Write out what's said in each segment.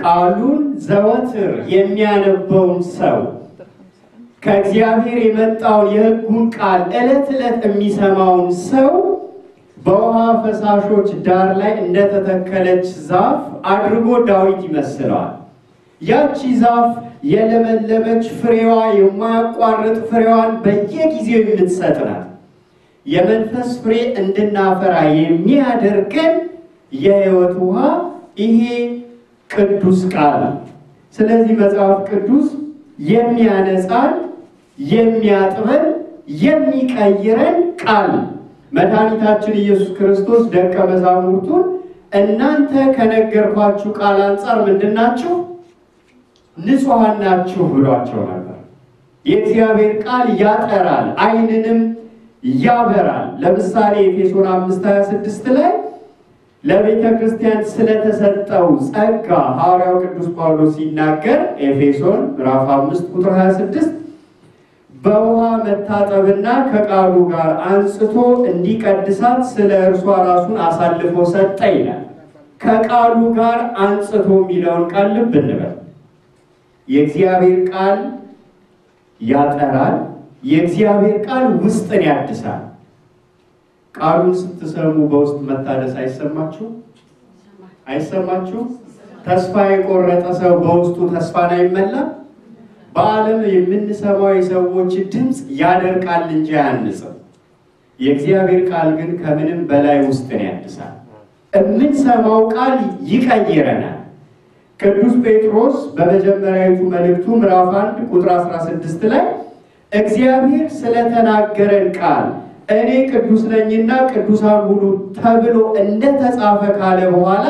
ቃሉን ዘወትር የሚያነበውን ሰው ከእግዚአብሔር የመጣውን የሕጉን ቃል ዕለት ዕለት የሚሰማውን ሰው በውሃ ፈሳሾች ዳር ላይ እንደተተከለች ዛፍ አድርጎ ዳዊት ይመስለዋል። ያቺ ዛፍ የለመለመች ፍሬዋ የማያቋርጥ ፍሬዋን በየጊዜው የምትሰጥ ናት። የመንፈስ ፍሬ እንድናፈራ የሚያደርገን የሕይወት ውሃ ይሄ ቅዱስ ቃል። ስለዚህ መጽሐፍ ቅዱስ የሚያነጻን፣ የሚያጥበን፣ የሚቀይረን ቃል መድኃኒታችን ኢየሱስ ክርስቶስ ደቀ መዛሙርቱን እናንተ ከነገርኳችሁ ቃል አንጻር ምንድን ናችሁ? ንጹሐን ናችሁ ብሏቸው ነበር። የእግዚአብሔር ቃል ያጠራል፣ ዓይንንም ያበራል። ለምሳሌ ኤፌሶን አምስት 26 ላይ ለቤተ ክርስቲያን ስለተሰጠው ጸጋ ሐዋርያው ቅዱስ ጳውሎስ ሲናገር ኤፌሶን ምዕራፍ 5 ቁጥር 26 በውሃ መታጠብና ከቃሉ ጋር አንጽቶ እንዲቀድሳት ስለ እርሷ ራሱን አሳልፎ ሰጠ ይላል። ከቃሉ ጋር አንጽቶ የሚለውን ቃል ልብ እንበል። የእግዚአብሔር ቃል ያጠራል። የእግዚአብሔር ቃል ውስጥን ያድሳል። ቃሉን ስትሰሙ በውስጥ መታደስ አይሰማችሁ አይሰማችሁ? ተስፋ የቆረጠ ሰው በውስጡ ተስፋን አይመላም። በዓለም የምንሰማው የሰዎች ድምፅ ያደርቃል እንጂ አያንጽም። የእግዚአብሔር ቃል ግን ከምንም በላይ ውስጥን ያድሳል። የምንሰማው ቃል ይቀይረናል። ቅዱስ ጴጥሮስ በመጀመሪያዊቱ መልእክቱ ምዕራፍ 1 ቁጥር 16 ላይ እግዚአብሔር ስለተናገረን ቃል እኔ ቅዱስ ነኝና ቅዱሳን ሁሉ ተብሎ እንደተጻፈ ካለ በኋላ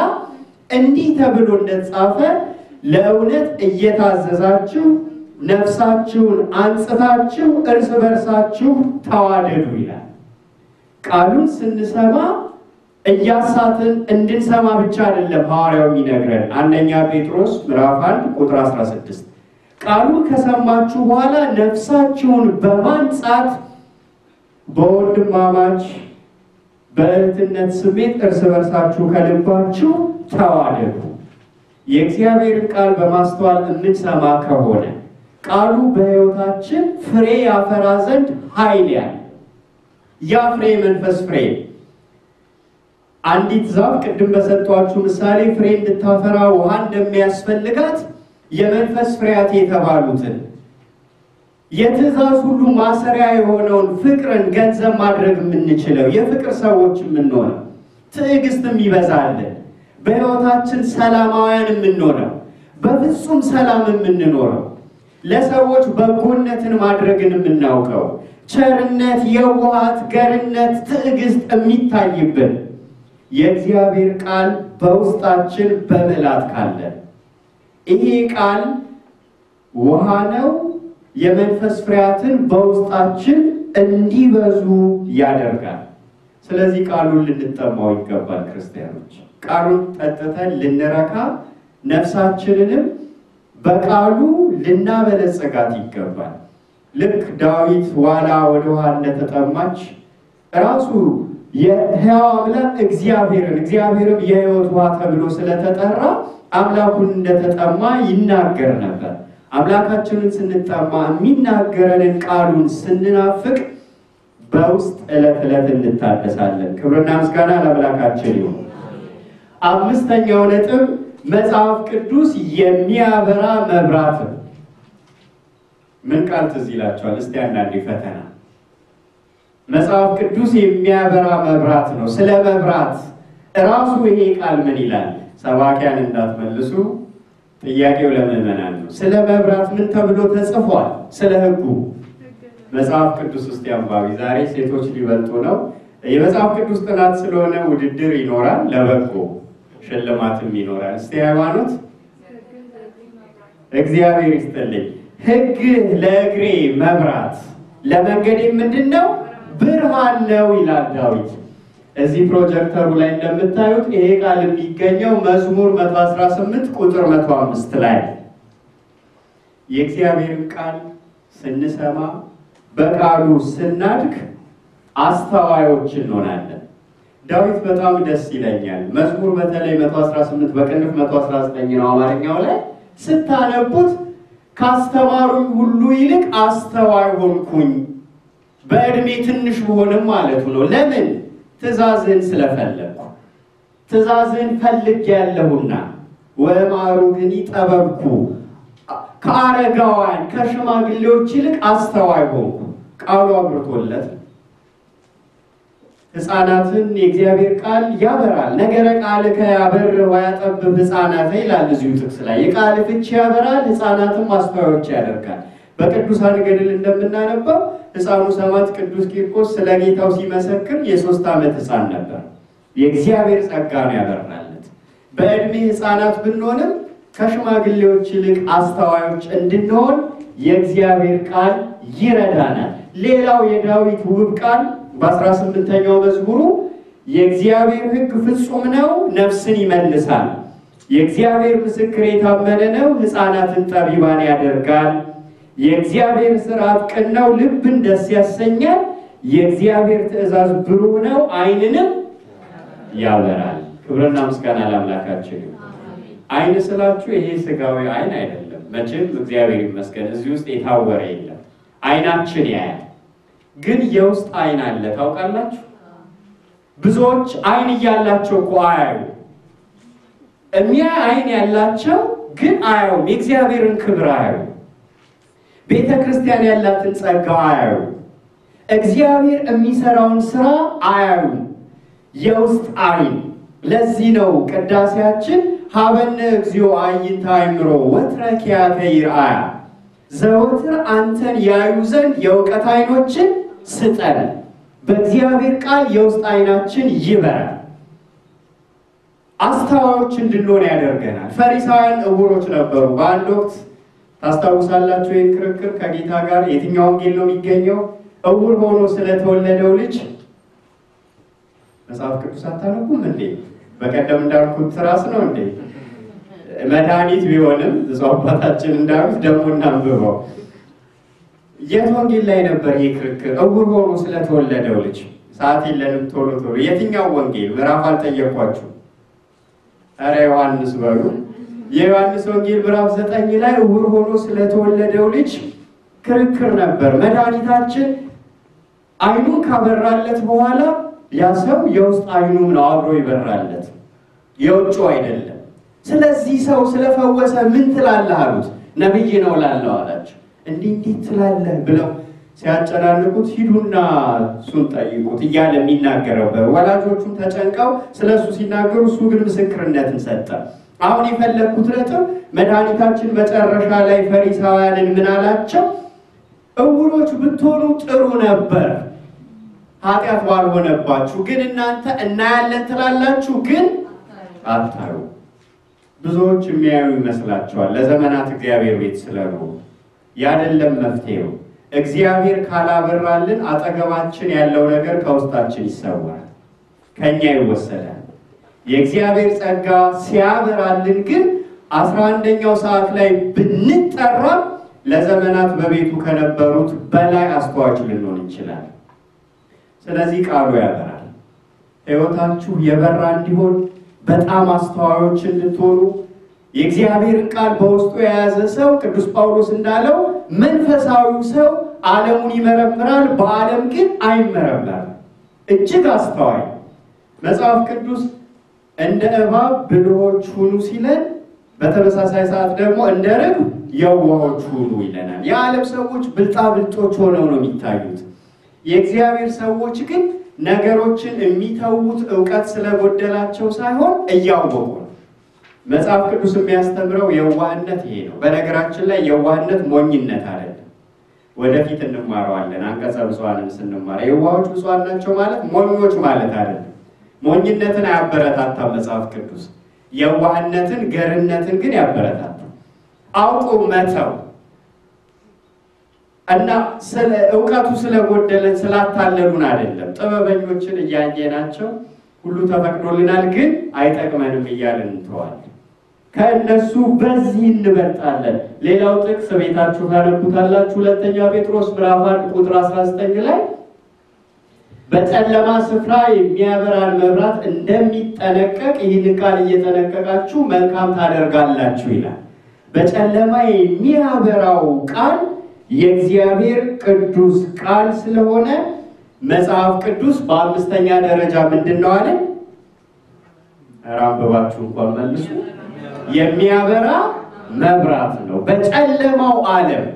እንዲህ ተብሎ እንደተጻፈ ለእውነት እየታዘዛችሁ ነፍሳችሁን አንጽታችሁ እርስ በርሳችሁ ተዋደዱ ይላል። ቃሉን ስንሰማ እያሳትን እንድንሰማ ብቻ አይደለም ሐዋርያው የሚነግረን። አንደኛ ጴጥሮስ ምዕራፍ 1 ቁጥር 16 ቃሉ ከሰማችሁ በኋላ ነፍሳችሁን በማንጻት በወንድማማች በእህትነት ስሜት እርስ በርሳችሁ ከልባችሁ ተዋደዱ። የእግዚአብሔርን ቃል በማስተዋል የምንሰማ ከሆነ ቃሉ በሕይወታችን ፍሬ ያፈራ ዘንድ ኃይል ያለ ያ ፍሬ መንፈስ ፍሬ አንዲት ዛፍ ቅድም በሰጧችሁ ምሳሌ ፍሬ እንድታፈራ ውሃ እንደሚያስፈልጋት የመንፈስ ፍሬያት የተባሉትን የትእዛዝ ሁሉ ማሰሪያ የሆነውን ፍቅርን ገንዘብ ማድረግ የምንችለው የፍቅር ሰዎች የምንሆነው ትዕግስትም ይበዛልን በሕይወታችን ሰላማውያን የምንሆነው በፍጹም ሰላም የምንኖረው ለሰዎች በጎነትን ማድረግን የምናውቀው ቸርነት፣ የዋሃት፣ ገርነት፣ ትዕግስት የሚታይብን የእግዚአብሔር ቃል በውስጣችን በምዕላት ካለ ይሄ ቃል ውሃ ነው የመንፈስ ፍሬያትን በውስጣችን እንዲበዙ ያደርጋል። ስለዚህ ቃሉን ልንጠማው ይገባል። ክርስቲያኖች ቃሉን ጠጥተን ልንረካ ነፍሳችንንም በቃሉ ልናበለጸጋት ይገባል። ልክ ዳዊት ዋላ ወደ ውሃ እንደተጠማች ራሱ የሕያው አምላክ እግዚአብሔርን እግዚአብሔርም የሕይወት ውሃ ተብሎ ስለተጠራ አምላኩን እንደተጠማ ይናገር ነበር። አምላካችንን ስንጠማ የሚናገረንን ቃሉን ስንናፍቅ በውስጥ ዕለት ዕለት እንታደሳለን። ክብርና ምስጋና ለአምላካችን ይሁን። አምስተኛው ነጥብ መጽሐፍ ቅዱስ የሚያበራ መብራት ነው። ምን ቃል ትዝ ይላቸዋል? እስቲ አንዳንዴ ፈተና መጽሐፍ ቅዱስ የሚያበራ መብራት ነው። ስለ መብራት እራሱ ይሄ ቃል ምን ይላል? ሰባኪያን እንዳትመልሱ ጥያቄው ለምዕመናን ነው። ስለ መብራት ምን ተብሎ ተጽፏል? ስለ ህጉ መጽሐፍ ቅዱስ ውስጥ ያንባቢ። ዛሬ ሴቶች ሊበልጡ ነው። የመጽሐፍ ቅዱስ ጥናት ስለሆነ ውድድር ይኖራል፣ ለበጎ ሽልማትም ይኖራል። እስቲ ሃይማኖት እግዚአብሔር ይስጥልኝ። ህግ ለእግሬ መብራት ለመንገዴ ምንድን ነው? ብርሃን ነው ይላል ዳዊት። እዚህ ፕሮጀክተሩ ላይ እንደምታዩት ይሄ ቃል የሚገኘው መዝሙር 118 ቁጥር 105 ላይ የእግዚአብሔርን ቃል ስንሰማ በቃሉ ስናድግ አስተዋዮች እንሆናለን። ዳዊት በጣም ደስ ይለኛል። መዝሙር በተለይ 118 በቅንፍ 119 ነው አማርኛው ላይ ስታነቡት ካስተማሩኝ ሁሉ ይልቅ አስተዋይ ሆንኩኝ በእድሜ ትንሽ ብሆንም ማለቱ ነው። ለምን ትእዛዝን ስለፈለግኩ ትእዛዝን ፈልግ ያለሁና ወማሩ ግን ጠበብኩ ከአረጋውያን ከሽማግሌዎች ይልቅ አስተዋይ ሆንኩ። ቃሉ አብርቶለት ህፃናትን የእግዚአብሔር ቃል ያበራል። ነገረ ቃል ከያበር ወያጠብብ ህፃናት ይላል እዚሁ ጥቅስ ላይ የቃል ፍቺ ያበራል፣ ህፃናትም አስተዋዮች ያደርጋል። በቅዱሳን ገድል እንደምናነባው ህፃኑ ሰማዕት ቅዱስ ቂርቆስ ስለ ጌታው ሲመሰክር የሶስት ዓመት ህፃን ነበር። የእግዚአብሔር ጸጋ ነው ያበራለት። በእድሜ ህፃናት ብንሆንም ከሽማግሌዎች ይልቅ አስተዋዮች እንድንሆን የእግዚአብሔር ቃል ይረዳናል። ሌላው የዳዊት ውብ ቃል በ18ኛው መዝሙሩ የእግዚአብሔር ህግ ፍጹም ነው፣ ነፍስን ይመልሳል። የእግዚአብሔር ምስክር የታመነ ነው፣ ህፃናትን ጠቢባን ያደርጋል የእግዚአብሔር ስርዓት ቅን ነው፣ ልብን ደስ ያሰኛል። የእግዚአብሔር ትእዛዝ ብሩህ ነው፣ አይንንም ያበራል። ክብርና ምስጋና ለአምላካችን። አይን ስላችሁ ይሄ ስጋዊ አይን አይደለም። መቼም እግዚአብሔር ይመስገን እዚህ ውስጥ የታወረ የለም። አይናችን ያያል፣ ግን የውስጥ አይን አለ። ታውቃላችሁ ብዙዎች አይን እያላቸው እኮ አያዩ እሚያ አይን ያላቸው ግን አያውም፣ የእግዚአብሔርን ክብር አያዩ ቤተ ክርስቲያን ያላትን ጸጋ አያዩ፣ እግዚአብሔር የሚሰራውን ስራ አያዩ። የውስጥ አይን ለዚህ ነው ቅዳሴያችን ሀበነ እግዚኦ አዕይንተ አእምሮ ወትረ ኪያተ ይርአያ ዘወትር አንተን ያዩ ዘንድ የእውቀት አይኖችን ስጠን። በእግዚአብሔር ቃል የውስጥ አይናችን ይበራል። አስተዋዮች እንድንሆን ያደርገናል። ፈሪሳውያን እውሮች ነበሩ በአንድ ወቅት ታስታውሳላችሁ? ይህን ክርክር ከጌታ ጋር የትኛው ወንጌል ነው የሚገኘው? እውር ሆኖ ስለተወለደው ልጅ መጽሐፍ ቅዱስ አታነቡም እንዴ? በቀደም እንዳልኩት ራስ ነው እንዴ? መድኃኒት ቢሆንም ብፁዕ አባታችን እንዳሉት ደግሞ እናንብበው። የት ወንጌል ላይ ነበር ይህ ክርክር? እውር ሆኖ ስለተወለደው ልጅ ሰዓት የለንም፣ ቶሎ ቶሎ። የትኛው ወንጌል ምዕራፍ አልጠየኳችሁ። ኧረ ዮሐንስ በሉ የዮሐንስ ወንጌል ምዕራፍ ዘጠኝ ላይ ዕውር ሆኖ ስለተወለደው ልጅ ክርክር ነበር። መድኃኒታችን አይኑ ካበራለት በኋላ ያ ሰው የውስጥ አይኑም ነው አብሮ ይበራለት፣ የውጭ አይደለም። ስለዚህ ሰው ስለፈወሰ ምን ትላለህ አሉት። ነቢይ ነው ላለው አላቸው። እንዲህ እንዴት ትላለህ ብለው ሲያጨናንቁት ሂዱና እሱን ጠይቁት እያለ የሚናገረው ወላጆቹም ተጨንቀው ስለ እሱ ሲናገሩ እሱ ግን ምስክርነትን ሰጠ። አሁን የፈለግኩት ነጥብ መድኃኒታችን መጨረሻ ላይ ፈሪሳውያንን ምን አላቸው? እውሮች ብትሆኑ ጥሩ ነበር፣ ኃጢአት ባልሆነባችሁ። ግን እናንተ እናያለን ትላላችሁ፣ ግን አታዩ። ብዙዎች የሚያዩ ይመስላቸዋል። ለዘመናት እግዚአብሔር ቤት ስለኖሩ ያደለም መፍትሄው። እግዚአብሔር ካላበራልን አጠገባችን ያለው ነገር ከውስጣችን ይሰወራል፣ ከእኛ ይወሰዳል። የእግዚአብሔር ጸጋ ሲያበራልን ግን አስራ አንደኛው ሰዓት ላይ ብንጠራ ለዘመናት በቤቱ ከነበሩት በላይ አስተዋጭ ልንሆን ይችላል። ስለዚህ ቃሉ ያበራል። ሕይወታችሁ የበራ እንዲሆን በጣም አስተዋዮች እንድትሆኑ የእግዚአብሔርን ቃል በውስጡ የያዘ ሰው ቅዱስ ጳውሎስ እንዳለው መንፈሳዊው ሰው ዓለሙን ይመረምራል፣ በዓለም ግን አይመረምራል። እጅግ አስተዋይ መጽሐፍ ቅዱስ እንደ እባብ ብልሆች ሁኑ ሲለን በተመሳሳይ ሰዓት ደግሞ እንደ ርግብ የዋሆች ሁኑ ይለናል። የዓለም ሰዎች ብልጣብልጦች ሆነው ነው የሚታዩት። የእግዚአብሔር ሰዎች ግን ነገሮችን የሚተዉት እውቀት ስለጎደላቸው ሳይሆን እያወቁ ነው። መጽሐፍ ቅዱስ የሚያስተምረው የዋህነት ይሄ ነው። በነገራችን ላይ የዋህነት ሞኝነት አይደለም። ወደፊት እንማረዋለን። አንቀጸ ብፁዓንም ስንማረ የዋሆች ብፁዓን ናቸው ማለት ሞኞች ማለት አይደለም። ሞኝነትን አያበረታታም መጽሐፍ ቅዱስ። የዋህነትን ገርነትን ግን ያበረታታል አውቁ መተው እና ስለ እውቀቱ ስለጎደለን ስላታለሉን አይደለም። ጥበበኞችን እያየናቸው ሁሉ ተፈቅዶልናል ግን አይጠቅመንም እያልን እንተዋለን። ከእነሱ በዚህ እንበልጣለን። ሌላው ጥቅስ ቤታችሁ ታነቡታላችሁ። ሁለተኛ ጴጥሮስ ምዕራፍ አንድ ቁጥር 19 ላይ በጨለማ ስፍራ የሚያበራን መብራት እንደሚጠነቀቅ ይህን ቃል እየጠነቀቃችሁ መልካም ታደርጋላችሁ ይላል። በጨለማ የሚያበራው ቃል የእግዚአብሔር ቅዱስ ቃል ስለሆነ መጽሐፍ ቅዱስ በአምስተኛ ደረጃ ምንድን ነው አለ? ኧረ አንብባችሁ እንኳን መልሱ። የሚያበራ መብራት ነው። በጨለማው ዓለም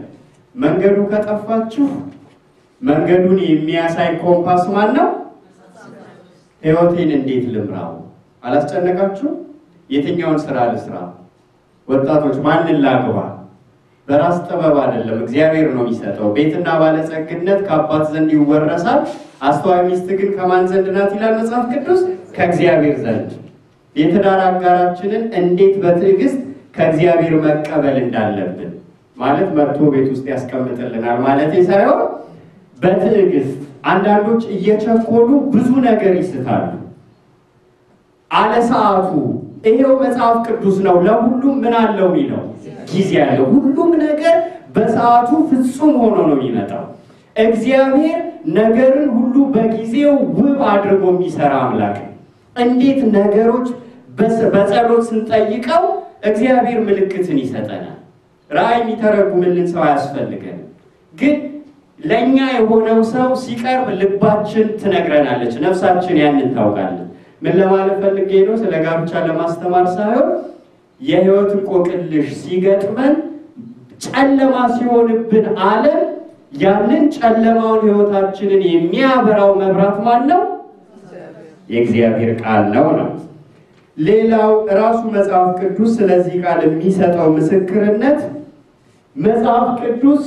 መንገዱ ከጠፋችሁ መንገዱን የሚያሳይ ኮምፓስ ማን ነው? ህይወቴን እንዴት ልምራው? አላስጨነቃችሁ? የትኛውን ስራ ልስራ? ወጣቶች ማንን ላግባ? በራስ ጥበብ አይደለም፣ እግዚአብሔር ነው የሚሰጠው። ቤትና ባለጸግነት ከአባት ዘንድ ይወረሳል፣ አስተዋይ ሚስት ግን ከማን ዘንድ ናት ይላል መጽሐፍ ቅዱስ? ከእግዚአብሔር ዘንድ። የትዳር አጋራችንን እንዴት በትዕግስት ከእግዚአብሔር መቀበል እንዳለብን ማለት መርቶ ቤት ውስጥ ያስቀምጥልናል ማለት ሳይሆን በትዕግስት አንዳንዶች እየቸኮሉ ብዙ ነገር ይስታሉ። አለ ሰዓቱ ይሄው መጽሐፍ ቅዱስ ነው። ለሁሉም ምን አለው የሚለው ጊዜ አለው። ሁሉም ነገር በሰዓቱ ፍጹም ሆኖ ነው የሚመጣው። እግዚአብሔር ነገርን ሁሉ በጊዜው ውብ አድርጎ የሚሰራ አምላክ እንዴት ነገሮች በጸሎት ስንጠይቀው እግዚአብሔር ምልክትን ይሰጠናል። ራእይ የሚተረጉምልን ሰው አያስፈልገንም ግን ለእኛ የሆነው ሰው ሲቀርብ ልባችን ትነግረናለች፣ ነፍሳችን ያንን ታውቃለን። ምን ለማለት ፈልጌ ነው? ስለ ጋብቻ ለማስተማር ሳይሆን የህይወት እንቆቅልሽ ሲገጥመን ጨለማ ሲሆንብን ዓለም ያንን ጨለማውን ህይወታችንን የሚያበራው መብራት ማን ነው? የእግዚአብሔር ቃል ነው ነው። ሌላው ራሱ መጽሐፍ ቅዱስ ስለዚህ ቃል የሚሰጠው ምስክርነት መጽሐፍ ቅዱስ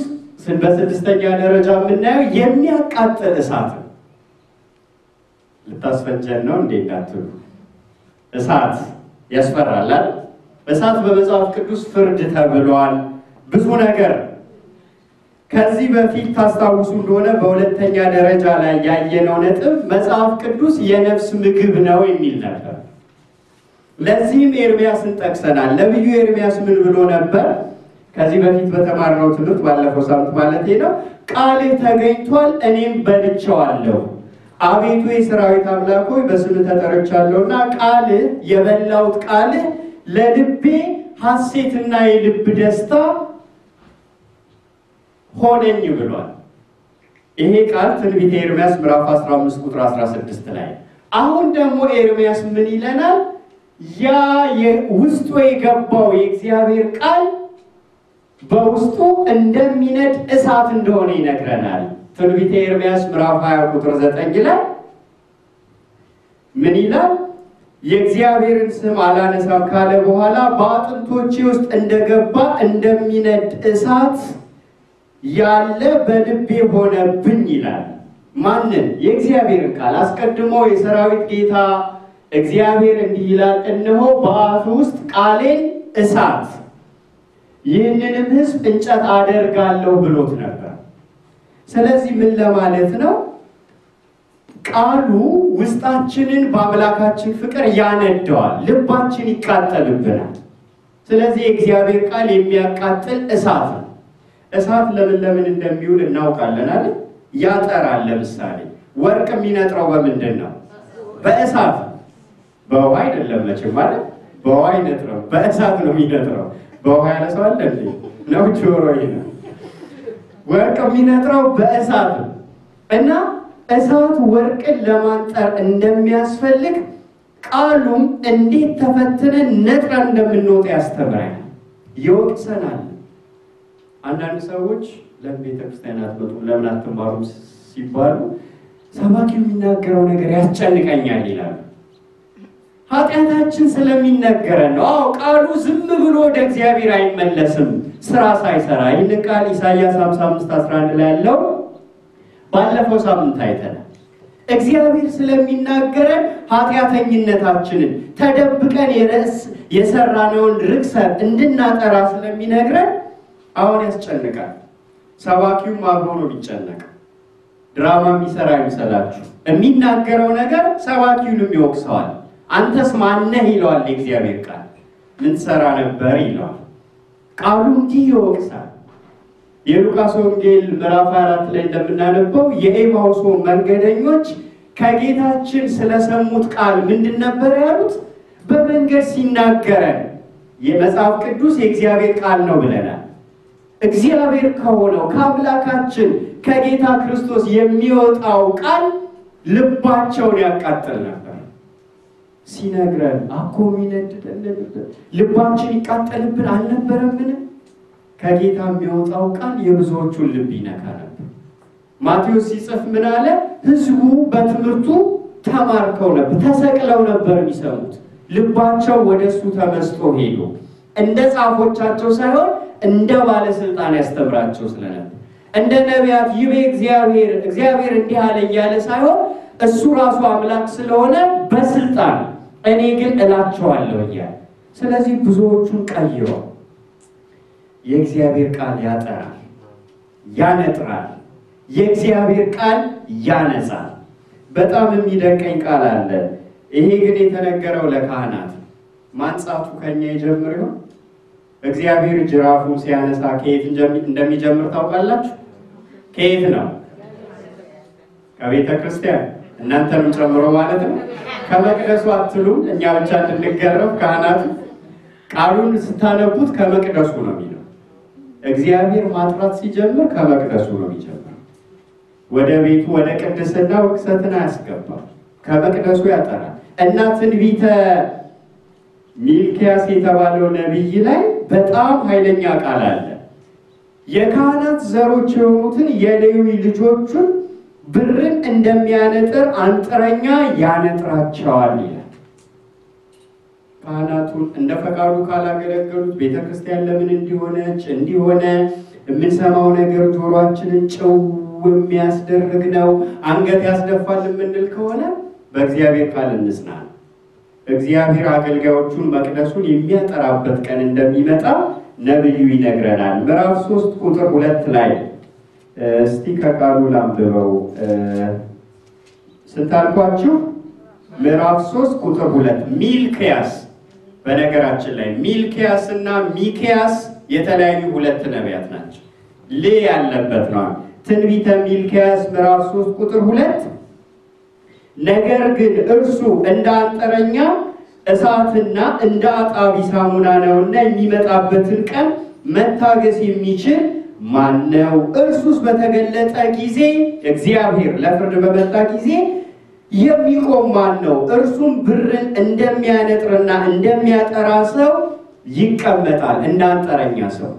በስድስተኛ ደረጃ የምናየው የሚያቃጥል እሳት ነው። ነው እንዴ እንዳትሉ፣ እሳት ያስፈራላል። እሳት በመጽሐፍ ቅዱስ ፍርድ ተብሏል ብዙ ነገር። ከዚህ በፊት ታስታውሱ እንደሆነ በሁለተኛ ደረጃ ላይ ያየነው ነጥብ መጽሐፍ ቅዱስ የነፍስ ምግብ ነው የሚል ነበር። ለዚህም ኤርሚያስን ጠቅሰናል። ነቢዩ ኤርሚያስ ምን ብሎ ነበር? ከዚህ በፊት በተማርነው ትምህርት ባለፈው ሳምንት ማለት ነው። ቃል ተገኝቷል እኔም በልቸዋለሁ። አቤቱ የሰራዊት አምላክ ሆይ በስም ተጠርቻለሁና ቃል የበላሁት ቃል ለልቤ ሐሴትና የልብ ደስታ ሆነኝ ብሏል። ይሄ ቃል ትንቢተ ኤርምያስ ምዕራፍ 15 ቁጥር 16 ላይ አሁን ደግሞ ኤርምያስ ምን ይለናል? ያ ውስጡ የገባው የእግዚአብሔር ቃል በውስጡ እንደሚነድ እሳት እንደሆነ ይነግረናል። ትንቢተ ኤርምያስ ምዕራፍ 20 ቁጥር 9 ላይ ምን ይላል? የእግዚአብሔርን ስም አላነሳም ካለ በኋላ በአጥንቶቼ ውስጥ እንደገባ እንደሚነድ እሳት ያለ በልቤ ሆነብኝ ይላል። ማንን? የእግዚአብሔርን ቃል አስቀድሞ የሰራዊት ጌታ እግዚአብሔር እንዲህ ይላል፣ እነሆ በአፍ ውስጥ ቃሌን እሳት ይህንንም ህዝብ እንጨት አደርጋለሁ ብሎት ነበር። ስለዚህ ምን ለማለት ነው? ቃሉ ውስጣችንን በአምላካችን ፍቅር ያነደዋል፣ ልባችን ይቃጠልብናል። ስለዚህ የእግዚአብሔር ቃል የሚያቃጥል እሳት ነው። እሳት ለምን ለምን እንደሚውል እናውቃለን አይደል? ያጠራል። ለምሳሌ ወርቅ የሚነጥረው በምንድን ነው? በእሳት በውሃ አይደለም መቼም ማለት በውሃ አይነጥረው፣ በእሳት ነው የሚነጥረው። በውሃ ያለ ሰው አለ ነው ጆሮ ነው። ወርቅ የሚነጥረው በእሳት እና እሳት ወርቅን ለማንጠር እንደሚያስፈልግ ቃሉም እንዴት ተፈትነን ነጥረን እንደምንወጣ ያስተምራል፣ ይወቅሰናል። አንዳንድ ሰዎች ለምን ቤተክርስቲያን አትመጡም ለምን አትማሩም ሲባሉ ሰባኪው የሚናገረው ነገር ያስጨንቀኛል ይላሉ። ኃጢአታችን ስለሚነገረን ነው። አዎ ቃሉ ዝም ብሎ ወደ እግዚአብሔር አይመለስም ስራ ሳይሰራ። ይህን ቃል ኢሳያስ 55 11 ላይ ያለው ባለፈው ሳምንት አይተናል። እግዚአብሔር ስለሚናገረን ኃጢአተኝነታችንን ተደብቀን የረስ የሰራነውን ርክሰት እንድናጠራ ስለሚነግረን አሁን ያስጨንቃል። ሰባኪውም አብሮ ነው የሚጨነቀው። ድራማ የሚሰራ ይምሰላችሁ፣ የሚናገረው ነገር ሰባኪውንም ይወቅሰዋል። አንተስ ማነህ ይለዋል የእግዚአብሔር ቃል። ምን ትሰራ ነበር ይለዋል። ቃሉ እንዲህ ይወቅሳል። የሉቃስ ወንጌል ምዕራፍ አራት ላይ እንደምናነበው የኤማውስ መንገደኞች ከጌታችን ስለሰሙት ቃል ምንድን ነበር ያሉት? በመንገድ ሲናገረን የመጽሐፍ ቅዱስ የእግዚአብሔር ቃል ነው ብለናል። እግዚአብሔር ከሆነው ከአምላካችን ከጌታ ክርስቶስ የሚወጣው ቃል ልባቸውን ያቃጥል ነው። ሲነግረን አኮ የሚነድደን ልባችን ይቃጠልብን አልነበረምን? ከጌታ የሚወጣው ቃል የብዙዎቹን ልብ ይነካ ነበር። ማቴዎስ ሲጽፍ ምን አለ? ህዝቡ በትምህርቱ ተማርከው ነበር፣ ተሰቅለው ነበር የሚሰሙት። ልባቸው ወደ እሱ ተመስጦ ሄዶ እንደ ጻፎቻቸው ሳይሆን እንደ ባለስልጣን ያስተምራቸው ስለነበር እንደ ነቢያት ይቤ እግዚአብሔር እግዚአብሔር እንዲህ አለ እያለ ሳይሆን እሱ ራሱ አምላክ ስለሆነ በስልጣን እኔ ግን እላቸዋለሁ እያለ ስለዚህ ብዙዎቹን ቀይሮ የእግዚአብሔር ቃል ያጠራል፣ ያነጥራል። የእግዚአብሔር ቃል ያነጻል። በጣም የሚደቀኝ ቃል አለ። ይሄ ግን የተነገረው ለካህናት ማንጻቱ ከኛ ይጀምር ይሆን? እግዚአብሔር ጅራፉን ሲያነሳ ከየት እንደሚጀምር ታውቃላችሁ? ከየት ነው? ከቤተ ክርስቲያን እናንተም ጨምሮ ማለት ነው። ከመቅደሱ አትሉ እኛ ብቻ እንድንገረም ካህናቱ ቃሉን ስታነቡት ከመቅደሱ ነው የሚለው። እግዚአብሔር ማጥራት ሲጀምር ከመቅደሱ ነው የሚጀምር። ወደ ቤቱ ወደ ቅድስና ውቅሰትን አያስገባም፣ ከመቅደሱ ያጠራል እና ትንቢተ ሚልኪያስ የተባለው ነቢይ ላይ በጣም ኃይለኛ ቃል አለ። የካህናት ዘሮች የሆኑትን የሌዊ ልጆቹን ብርን እንደሚያነጥር አንጥረኛ ያነጥራቸዋል ይላል። ካህናቱን እንደ ፈቃዱ ካላገለገሉት ቤተ ክርስቲያን ለምን እንዲሆነች እንዲሆነ የምንሰማው ነገር ጆሮአችንን ጭው የሚያስደርግ ነው። አንገት ያስደፋል የምንል ከሆነ በእግዚአብሔር ቃል እንጽናል። እግዚአብሔር አገልጋዮቹን መቅደሱን የሚያጠራበት ቀን እንደሚመጣ ነቢዩ ይነግረናል። ምዕራፍ ሶስት ቁጥር ሁለት ላይ እስቲ ከቃሉ ላንብበው። ስታልኳችሁ ምዕራፍ ሶስት ቁጥር ሁለት ሚልክያስ። በነገራችን ላይ ሚልክያስ እና ሚክያስ የተለያዩ ሁለት ነቢያት ናቸው። ል ያለበት ነው። ትንቢተ ሚልክያስ ምዕራፍ ሶስት ቁጥር ሁለት ነገር ግን እርሱ እንደ እሳትና እንደ አጣቢ ሳሙና ነውና የሚመጣበትን ቀን መታገስ የሚችል ነው! እርሱስ በተገለጠ ጊዜ እግዚአብሔር ለፍርድ በመጣ ጊዜ የሚቆም ማን ነው? እርሱም ብርን እንደሚያነጥርና እንደሚያጠራ ሰው ይቀመጣል። እንደ አንጠረኛ ሰው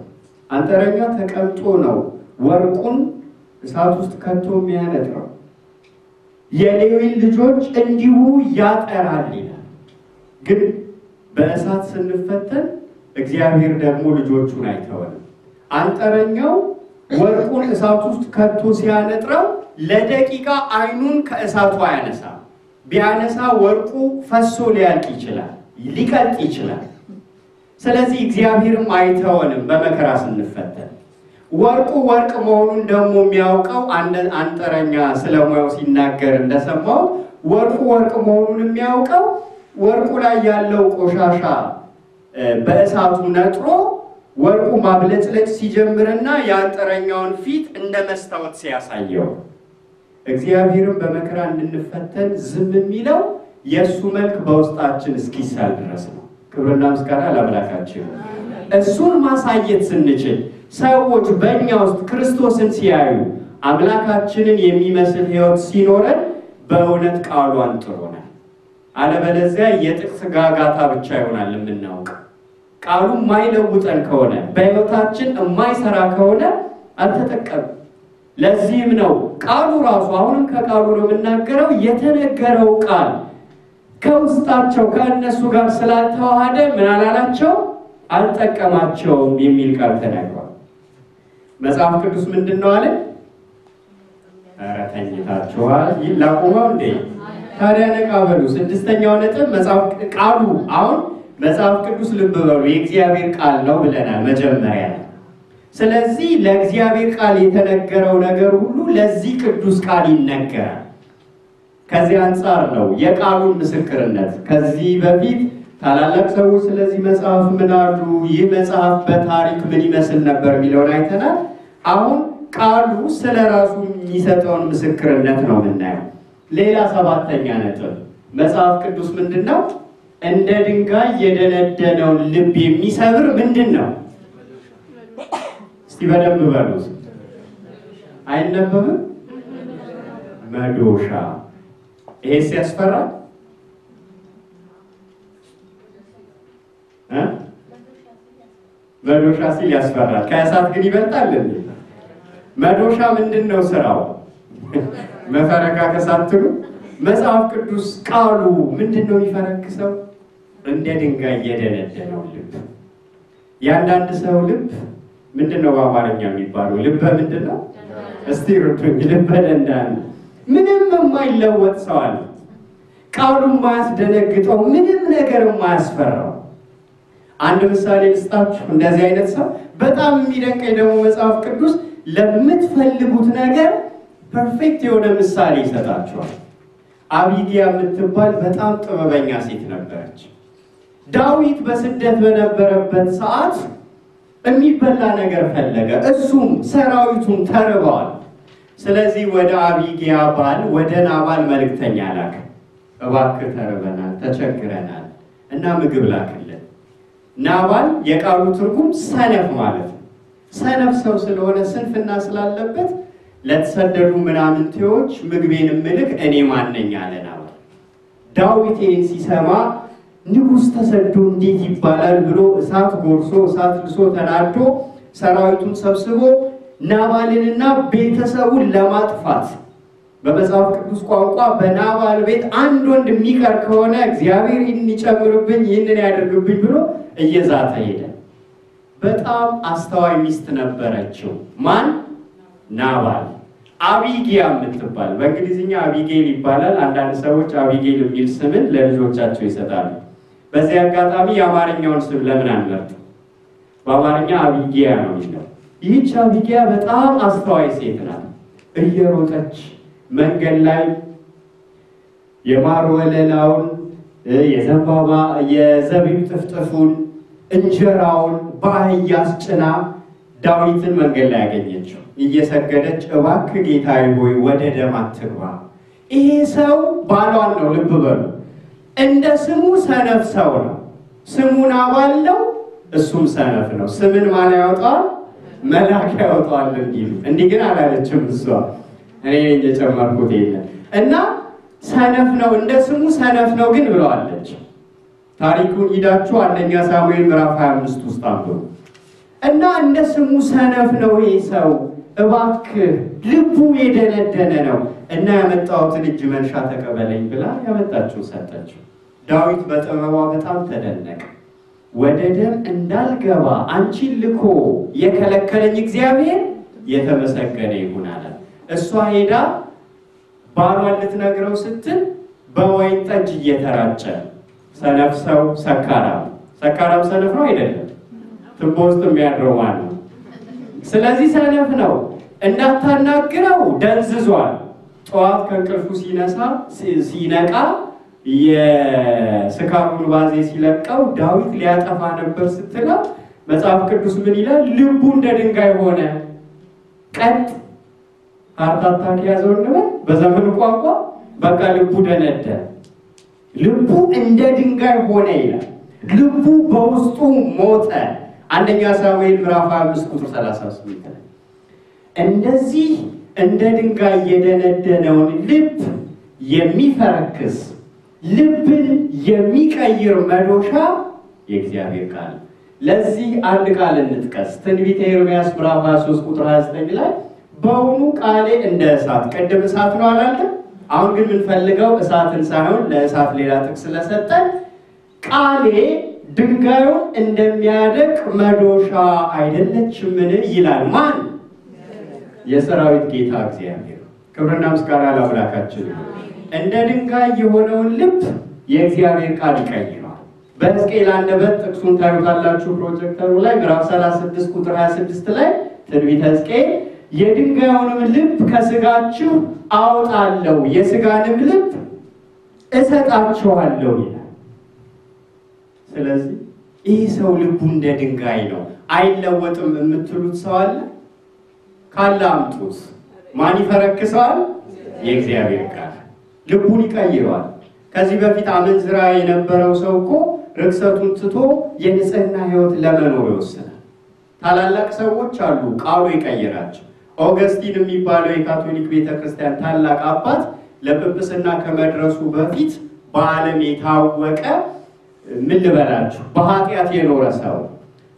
አንጠረኛ ተቀምጦ ነው ወርቁን እሳት ውስጥ ከቶ የሚያነጥረው። የሌዊን ልጆች እንዲሁ ያጠራል ይላል። ግን በእሳት ስንፈተን እግዚአብሔር ደግሞ ልጆቹን አይተወንም። አንጠረኛው ወርቁን እሳት ውስጥ ከቶ ሲያነጥረው ለደቂቃ አይኑን ከእሳቱ አያነሳ። ቢያነሳ ወርቁ ፈሶ ሊያልቅ ይችላል፣ ሊቀልጥ ይችላል። ስለዚህ እግዚአብሔርም አይተወንም በመከራ ስንፈተን። ወርቁ ወርቅ መሆኑን ደግሞ የሚያውቀው አንጠረኛ ስለ ሙያው ሲናገር እንደሰማው ወርቁ ወርቅ መሆኑን የሚያውቀው ወርቁ ላይ ያለው ቆሻሻ በእሳቱ ነጥሮ ወርቁ ማብለጭለጭ ሲጀምርና የአንጥረኛውን ፊት እንደ መስታወት ሲያሳየው እግዚአብሔርን በመከራ እንድንፈተን ዝም የሚለው የእሱ መልክ በውስጣችን እስኪሳል ድረስ ነው። ክብርና ምስጋና ለአምላካችን። እሱን ማሳየት ስንችል ሰዎች በእኛ ውስጥ ክርስቶስን ሲያዩ አምላካችንን የሚመስል ሕይወት ሲኖረን በእውነት ቃሉ አንጥሮናል። አለበለዚያ የጥቅስ ጋጋታ ብቻ ይሆናል የምናውቀው። ቃሉ የማይለውጠን ከሆነ በህይወታችን የማይሰራ ከሆነ አልተጠቀም። ለዚህም ነው ቃሉ ራሱ አሁንም ከቃሉ ነው የምናገረው የተነገረው ቃል ከውስጣቸው ከእነሱ ጋር ስላልተዋሃደ ምን አላላቸው አልጠቀማቸውም የሚል ቃል ተናግሯል። መጽሐፍ ቅዱስ ምንድን ነው አለ? ኧረ ተኝታችኋል። ይላቁመው እንዴ ታዲያ ነቃ በሉ። ስድስተኛው ነጥብ መጽሐፍ ቃሉ አሁን መጽሐፍ ቅዱስ ልብ በሉ የእግዚአብሔር ቃል ነው ብለናል መጀመሪያ። ስለዚህ ለእግዚአብሔር ቃል የተነገረው ነገር ሁሉ ለዚህ ቅዱስ ቃል ይነገራል። ከዚህ አንጻር ነው የቃሉን ምስክርነት ከዚህ በፊት ታላላቅ ሰዎች ስለዚህ መጽሐፍ ምን አሉ፣ ይህ መጽሐፍ በታሪክ ምን ይመስል ነበር የሚለውን አይተናል። አሁን ቃሉ ስለ ራሱ የሚሰጠውን ምስክርነት ነው የምናየው። ሌላ ሰባተኛ ነጥብ መጽሐፍ ቅዱስ ምንድን ነው? እንደ ድንጋይ የደነደነውን ልብ የሚሰብር ምንድን ነው? እስቲ በደንብ በሉት። አይነበብም? መዶሻ። ይሄ ሲያስፈራ መዶሻ ሲል ያስፈራል። ከእሳት ግን ይበልጣል። መዶሻ ምንድን ነው ስራው? መፈረካ ከሳትሉ መጽሐፍ ቅዱስ ቃሉ ምንድን ነው የሚፈረክሰው? እንደ ድንጋይ እየደነደነው ልብ የአንዳንድ ሰው ልብ ምንድን ነው በአማርኛ የሚባለው ልበ ምንድን ነው? እስቲ ርቱኝ። ልበ ደንዳን ምንም የማይለወጥ ሰው አለ። ቃሉ የማያስደነግጠው ምንም ነገር የማያስፈራው አንድ ምሳሌ ልስጣችሁ። እንደዚህ አይነት ሰው በጣም የሚደንቀኝ ደግሞ መጽሐፍ ቅዱስ ለምትፈልጉት ነገር ፐርፌክት የሆነ ምሳሌ ይሰጣችኋል። አቢጊያ የምትባል በጣም ጥበበኛ ሴት ነበረች። ዳዊት በስደት በነበረበት ሰዓት የሚበላ ነገር ፈለገ። እሱም ሰራዊቱም ተርበዋል። ስለዚህ ወደ አቢጊያ ባል ወደ ናባል መልእክተኛ ላከ። እባክህ ተርበናል፣ ተቸግረናል እና ምግብ ላክልን። ናባል የቃሉ ትርጉም ሰነፍ ማለት ነው። ሰነፍ ሰው ስለሆነ ስንፍና ስላለበት ለተሰደዱ ምናምንቴዎች ምግቤን ምልክ እኔ ማነኝ አለ ናባል። ዳዊት ይህን ሲሰማ ንጉሥ ተሰዶ እንዴት ይባላል ብሎ እሳት ጎርሶ እሳት ልሶ ተናዶ ሰራዊቱን ሰብስቦ ናባልንና ቤተሰቡን ለማጥፋት በመጽሐፍ ቅዱስ ቋንቋ በናባል ቤት አንድ ወንድ የሚቀር ከሆነ እግዚአብሔር ይህን ይጨምርብኝ፣ ይህንን ያደርግብኝ ብሎ እየዛተ ሄደ። በጣም አስተዋይ ሚስት ነበረችው። ማን? ናባል። አቢጌያ የምትባል በእንግሊዝኛ አቢጌል ይባላል። አንዳንድ ሰዎች አቢጌል የሚል ስምን ለልጆቻቸው ይሰጣሉ። በዚህ አጋጣሚ የአማርኛውን ስም ለምን አንመርጥ? በአማርኛ አቢጊያ ነው የሚለው። ይህች አቢጊያ በጣም አስተዋይ ሴት ናት። እየሮጠች መንገድ ላይ የማር ወለላውን፣ የዘንባባ የዘቢብ ጥፍጥፉን፣ እንጀራውን በአህያ ጭና ዳዊትን መንገድ ላይ ያገኘችው እየሰገደች እባክህ ጌታዬ ሆይ ወደ ደም አትግባ። ይሄ ሰው ባሏን ነው ልብ በሉ እንደ ስሙ ሰነፍ ሰው ነው። ስሙን አባለው እሱም ሰነፍ ነው። ስምን ማን ያወጣዋል? መላክ ያወጣዋል እንዲሉ እንዲህ ግን አላለችም እሷ። እኔ እንደጨመርኩት የለ እና ሰነፍ ነው እንደ ስሙ ሰነፍ ነው ግን ብለዋለች። ታሪኩን ሂዳችሁ አንደኛ ሳሙኤል ምዕራፍ 25 ውስጥ አንዱ እና እንደ ስሙ ሰነፍ ነው ይሄ ሰው እባክህ ልቡ የደነደነ ነው እና ያመጣሁትን እጅ መንሻ ተቀበለኝ ብላ ያመጣችው ሰጠችው። ዳዊት በጥበቧ በጣም ተደነቀ። ወደ ደም እንዳልገባ አንቺን ልኮ የከለከለኝ እግዚአብሔር የተመሰገነ ይሁን አለ። እሷ ሄዳ ባሏን ልትነግረው ስትል በወይን ጠጅ እየተራጨ ሰነፍ ሰው ሰካራም ሰካራም ሰነፍ ነው አይደለም፣ ትቦ ውስጥ የሚያድረው ነው። ስለዚህ ሰነፍ ነው። እንዳታናግረው ደንዝዟል። ጠዋት ከእንቅልፉ ሲነሳ ሲነቃ የስካሩን ባዜ ሲለቀው ዳዊት ሊያጠፋ ነበር ስትለው መጽሐፍ ቅዱስ ምን ይላል? ልቡ እንደ ድንጋይ ሆነ። ቀጥ አርታታክ ያዘው እንበል በዘመን ቋንቋ በቃ ልቡ ደነደ። ልቡ እንደ ድንጋይ ሆነ ይላል። ልቡ በውስጡ ሞተ። አንደኛ ሳሙኤል ምዕራፍ 25 ቁጥር 38 እንደዚህ እንደ ድንጋይ የደነደነውን ልብ የሚፈረክስ ልብን የሚቀይር መዶሻ የእግዚአብሔር ቃል። ለዚህ አንድ ቃል እንጥቀስ። ትንቢተ ኤርምያስ ምዕራፍ 23 ቁጥር 29 ላይ በውኑ ቃሌ እንደ እሳት፣ ቅድም እሳት ነው አላለ? አሁን ግን የምንፈልገው እሳትን ሳይሆን ለእሳት ሌላ ጥቅስ ስለሰጠን ቃሌ ድንጋዩን እንደሚያደቅ መዶሻ አይደለችምን? ይላል ማን የሰራዊት ጌታ እግዚአብሔር ክብርና ምስጋና ለአምላካችን። እንደ ድንጋይ የሆነውን ልብ የእግዚአብሔር ቃል ይቀይረዋል። በሕዝቅኤል አንደበት ጥቅሱን ታዩታላችሁ። ፕሮጀክተሩ ላይ ምዕራፍ 36 ቁጥር 26 ላይ ትንቢተ ሕዝቅኤል የድንጋዩንም ልብ ከስጋችሁ አውጣለሁ የስጋንም ልብ እሰጣችኋለሁ ይላል። ስለዚህ ይህ ሰው ልቡ እንደ ድንጋይ ነው አይለወጥም የምትሉት ሰው አለ? ካለ አምጡት። ማን ይፈረክሰዋል? የእግዚአብሔር ቃል ልቡን ይቀይረዋል። ከዚህ በፊት አመንዝራ የነበረው ሰው እኮ ርክሰቱን ትቶ የንጽህና ህይወት ለመኖር ይወስናል። ታላላቅ ሰዎች አሉ፣ ቃሉ ይቀይራቸው። ኦገስቲን የሚባለው የካቶሊክ ቤተክርስቲያን ታላቅ አባት ለጵጵስና ከመድረሱ በፊት በዓለም የታወቀ ምን ልበላችሁ፣ በኃጢአት የኖረ ሰው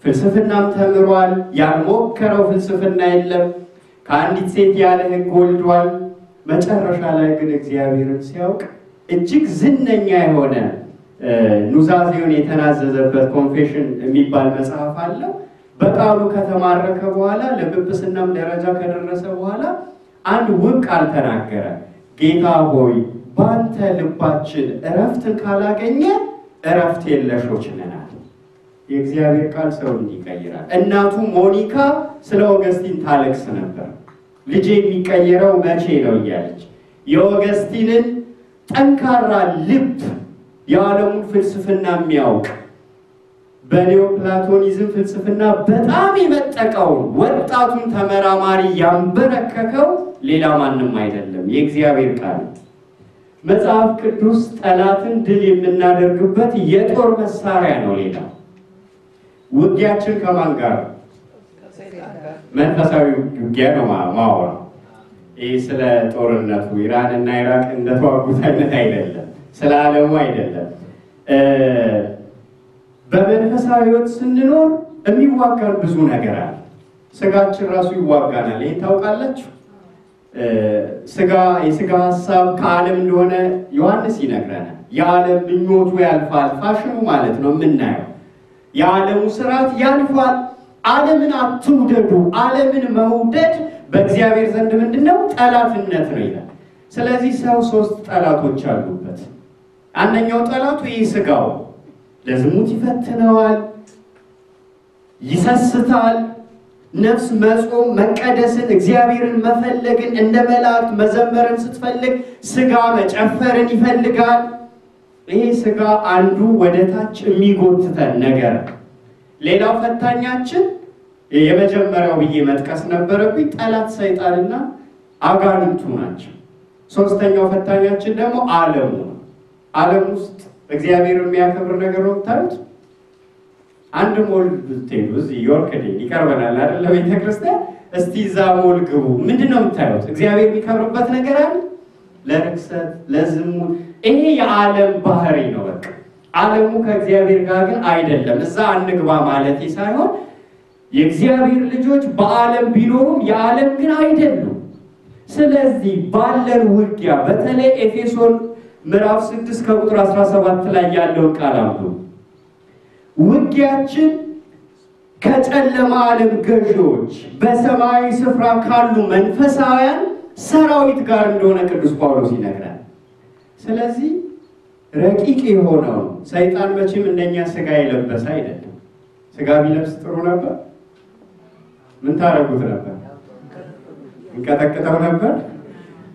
ፍልስፍናም ተምሯል። ያልሞከረው ፍልስፍና የለም። ከአንዲት ሴት ያለ ሕግ ወልዷል። መጨረሻ ላይ ግን እግዚአብሔርን ሲያውቅ እጅግ ዝነኛ የሆነ ኑዛዜውን የተናዘዘበት ኮንፌሽን የሚባል መጽሐፍ አለው። በቃሉ ከተማረከ በኋላ ለጵጵስናም ደረጃ ከደረሰ በኋላ አንድ ውብ ቃል ተናገረ። ጌታ ሆይ በአንተ ልባችን እረፍትን ካላገኘ እረፍት የለሾች ነናል። የእግዚአብሔር ቃል ሰው እንዲቀይራል። እናቱ ሞኒካ ስለ ኦገስቲን ታለቅስ ነበር። ልጅ የሚቀየረው መቼ ነው እያለች የኦገስቲንን ጠንካራ ልብ የዓለሙን ፍልስፍና የሚያውቅ በኒዮፕላቶኒዝም ፍልስፍና በጣም የመጠቀውን ወጣቱን ተመራማሪ ያንበረከከው ሌላ ማንም አይደለም፣ የእግዚአብሔር ቃል። መጽሐፍ ቅዱስ ጠላትን ድል የምናደርግበት የጦር መሳሪያ ነው። ሌላ ውጊያችን ከማን ጋር መንፈሳዊ ውጊያ ነው ማወራ። ይህ ስለ ጦርነቱ ኢራን እና ኢራቅ እንደተዋጉት አይነት አይደለም፣ ስለ ዓለሙ አይደለም። በመንፈሳዊ ህይወት ስንኖር የሚዋጋን ብዙ ነገር አለ። ስጋችን ራሱ ይዋጋናል። ይህን ታውቃላችሁ። ስጋ የስጋ ሀሳብ ከዓለም እንደሆነ ዮሐንስ ይነግረናል። የዓለም ምኞቱ ያልፋል፣ ፋሽኑ ማለት ነው የምናየው። የዓለሙ ስርዓት ያልፋል ዓለምን አትውደዱ። ዓለምን መውደድ በእግዚአብሔር ዘንድ ምንድነው ጠላትነት ነው ይላል። ስለዚህ ሰው ሶስት ጠላቶች አሉበት። አንደኛው ጠላቱ ይህ ስጋው ለዝሙት ይፈትነዋል፣ ይሰስታል። ነፍስ መጾም፣ መቀደስን፣ እግዚአብሔርን መፈለግን እንደ መላእክት መዘመርን ስትፈልግ ስጋ መጨፈርን ይፈልጋል። ይሄ ስጋ አንዱ ወደ ታች የሚጎትተን ነገር ሌላው ፈታኛችን የመጀመሪያው ብዬ መጥቀስ ነበረብኝ። ጠላት ሰይጣንና አጋንንቱ ናቸው። ሶስተኛው ፈታኛችን ደግሞ ዓለሙ ነው። ዓለም ውስጥ እግዚአብሔር የሚያከብር ነገር ወቅታዩት አንድ ሞል ብትሄዱ እዚህ ዮርክ ይቀርበናል አይደለ? ቤተክርስቲያን እስቲ እዛ ሞል ግቡ። ምንድን ነው የምታዩት? እግዚአብሔር የሚከብርበት ነገር አለ? ለርክሰት፣ ለዝሙት ይሄ የዓለም ባህሪ ነው። በቃ ዓለሙ ከእግዚአብሔር ጋር ግን አይደለም። እዛ አንግባ ማለት ሳይሆን የእግዚአብሔር ልጆች በዓለም ቢኖሩም የዓለም ግን አይደሉም። ስለዚህ ባለን ውጊያ በተለይ ኤፌሶን ምዕራፍ 6 ከቁጥር 17 ላይ ያለውን ቃል አሉ ውጊያችን ከጨለማ ዓለም ገዢዎች በሰማያዊ ስፍራ ካሉ መንፈሳውያን ሰራዊት ጋር እንደሆነ ቅዱስ ጳውሎስ ይነግራል። ስለዚህ ረቂቅ የሆነው ሰይጣን መቼም እንደኛ ስጋ የለበሰ አይደለም። ስጋ ቢለብስ ጥሩ ነበር። ምን ታረጉት ነበር? እንቀጠቅጠው ነበር።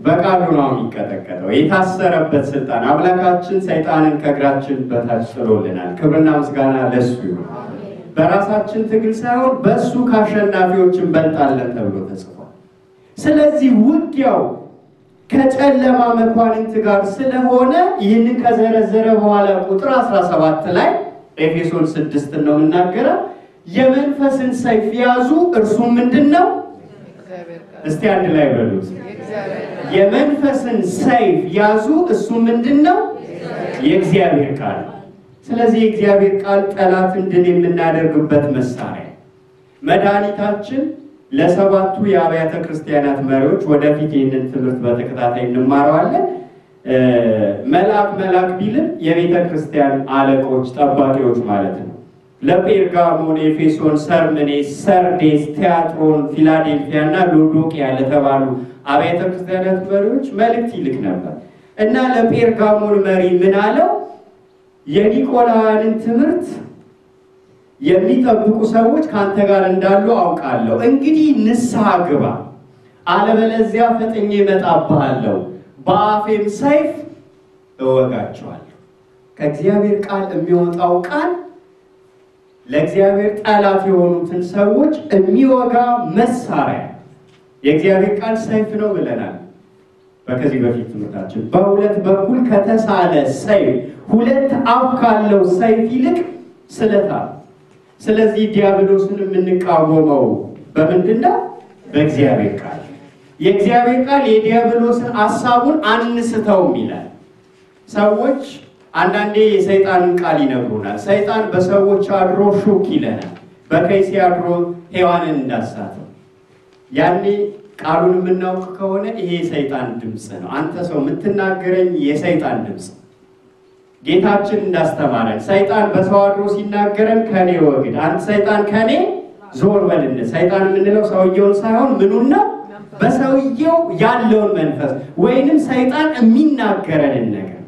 በቃሉ ነው የሚቀጠቀጠው። የታሰረበት ስልጣን አምላካችን ሰይጣንን ከእግራችን በታች ጥሎልናል። ክብርና ምስጋና ለሱ ይሁን። በራሳችን ትግል ሳይሆን በእሱ ከአሸናፊዎች እንበልጣለን ተብሎ ተጽፏል። ስለዚህ ውጊያው ከጨለማ መኳንንት ጋር ስለሆነ ይህንን ከዘረዘረ በኋላ ቁጥር 17 ላይ ኤፌሶን 6 ነው የምናገረው የመንፈስን ሰይፍ ያዙ። እርሱ ምንድን ነው? እስቲ አንድ ላይ በሉት። የመንፈስን ሰይፍ ያዙ። እሱ ምንድን ነው? የእግዚአብሔር ቃል። ስለዚህ የእግዚአብሔር ቃል ጠላትን ድል የምናደርግበት መሳሪያ መድኃኒታችን ለሰባቱ የአብያተ ክርስቲያናት መሪዎች ወደፊት ይህንን ትምህርት በተከታታይ እንማረዋለን። መልአክ መልአክ ቢልም የቤተ ክርስቲያን አለቆች ጠባቂዎች ማለት ነው። ለጴርጋሞን፣ ኤፌሶን፣ ሰርምኔስ፣ ሰርዴስ፣ ቲያትሮን፣ ፊላዴልፊያ እና ሎዶቅያ ለተባሉ አብያተ ክርስቲያናት መሪዎች መልእክት ይልክ ነበር እና ለጴርጋሞን መሪ ምን አለው? የኒቆላውያንን ትምህርት የሚጠብቁ ሰዎች ከአንተ ጋር እንዳሉ አውቃለሁ። እንግዲህ ንስሐ ግባ፣ አለበለዚያ ፈጥኜ እመጣብሃለሁ፣ በአፌም ሰይፍ እወጋቸዋለሁ። ከእግዚአብሔር ቃል የሚወጣው ቃል ለእግዚአብሔር ጠላት የሆኑትን ሰዎች የሚወጋ መሳሪያ የእግዚአብሔር ቃል ሰይፍ ነው ብለናል። በከዚህ በፊት ትምህርታችን በሁለት በኩል ከተሳለ ሰይፍ ሁለት አፍ ካለው ሰይፍ ይልቅ ስለታ። ስለዚህ ዲያብሎስን የምንቃወመው በምንድን በእግዚአብሔር ቃል። የእግዚአብሔር ቃል የዲያብሎስን ሀሳቡን አንስተውም ይላል ሰዎች አንዳንዴ የሰይጣንን ቃል ይነግሩናል። ሰይጣን በሰዎች አድሮ ሹክ ይለናል። በከይሲ አድሮ ሔዋንን እንዳሳተው ያኔ ቃሉን የምናውቅ ከሆነ ይሄ የሰይጣን ድምፅ ነው። አንተ ሰው የምትናገረኝ የሰይጣን ድምፅ ጌታችን እንዳስተማረን ሰይጣን በሰው አድሮ ሲናገረን ከኔ ወግድ፣ አንተ ሰይጣን ከኔ ዞር በልን። ሰይጣን የምንለው ሰውየውን ሳይሆን ምኑን ነው? በሰውየው ያለውን መንፈስ ወይንም ሰይጣን የሚናገረንን ነገር